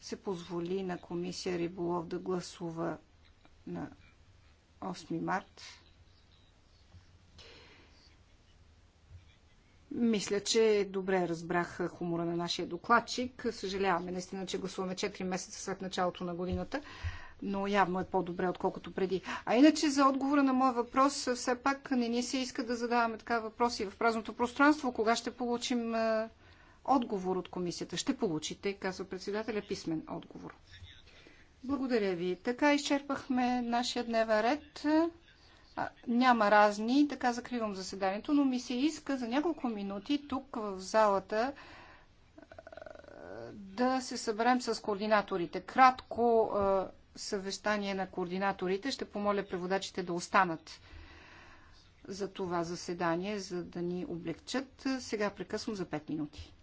се позволи на комисия Риболов да гласува на 8 март. Мисля, че добре разбрах хумора на нашия докладчик. Съжаляваме наистина, че гласуваме 4 месеца след началото на годината, но явно е по-добре, отколкото преди. А иначе за отговора на моя въпрос, все пак не ни се иска да задаваме така въпроси в празното пространство. Кога ще получим отговор от комисията. Ще получите, казва председателя, писмен отговор. Благодаря ви. Така изчерпахме нашия дневен ред. А, няма разни, така закривам заседанието, но ми се иска за няколко минути тук в залата да се съберем с координаторите. Кратко а, съвещание на координаторите. Ще помоля преводачите да останат за това заседание, за да ни облегчат. Сега прекъсвам за 5 минути.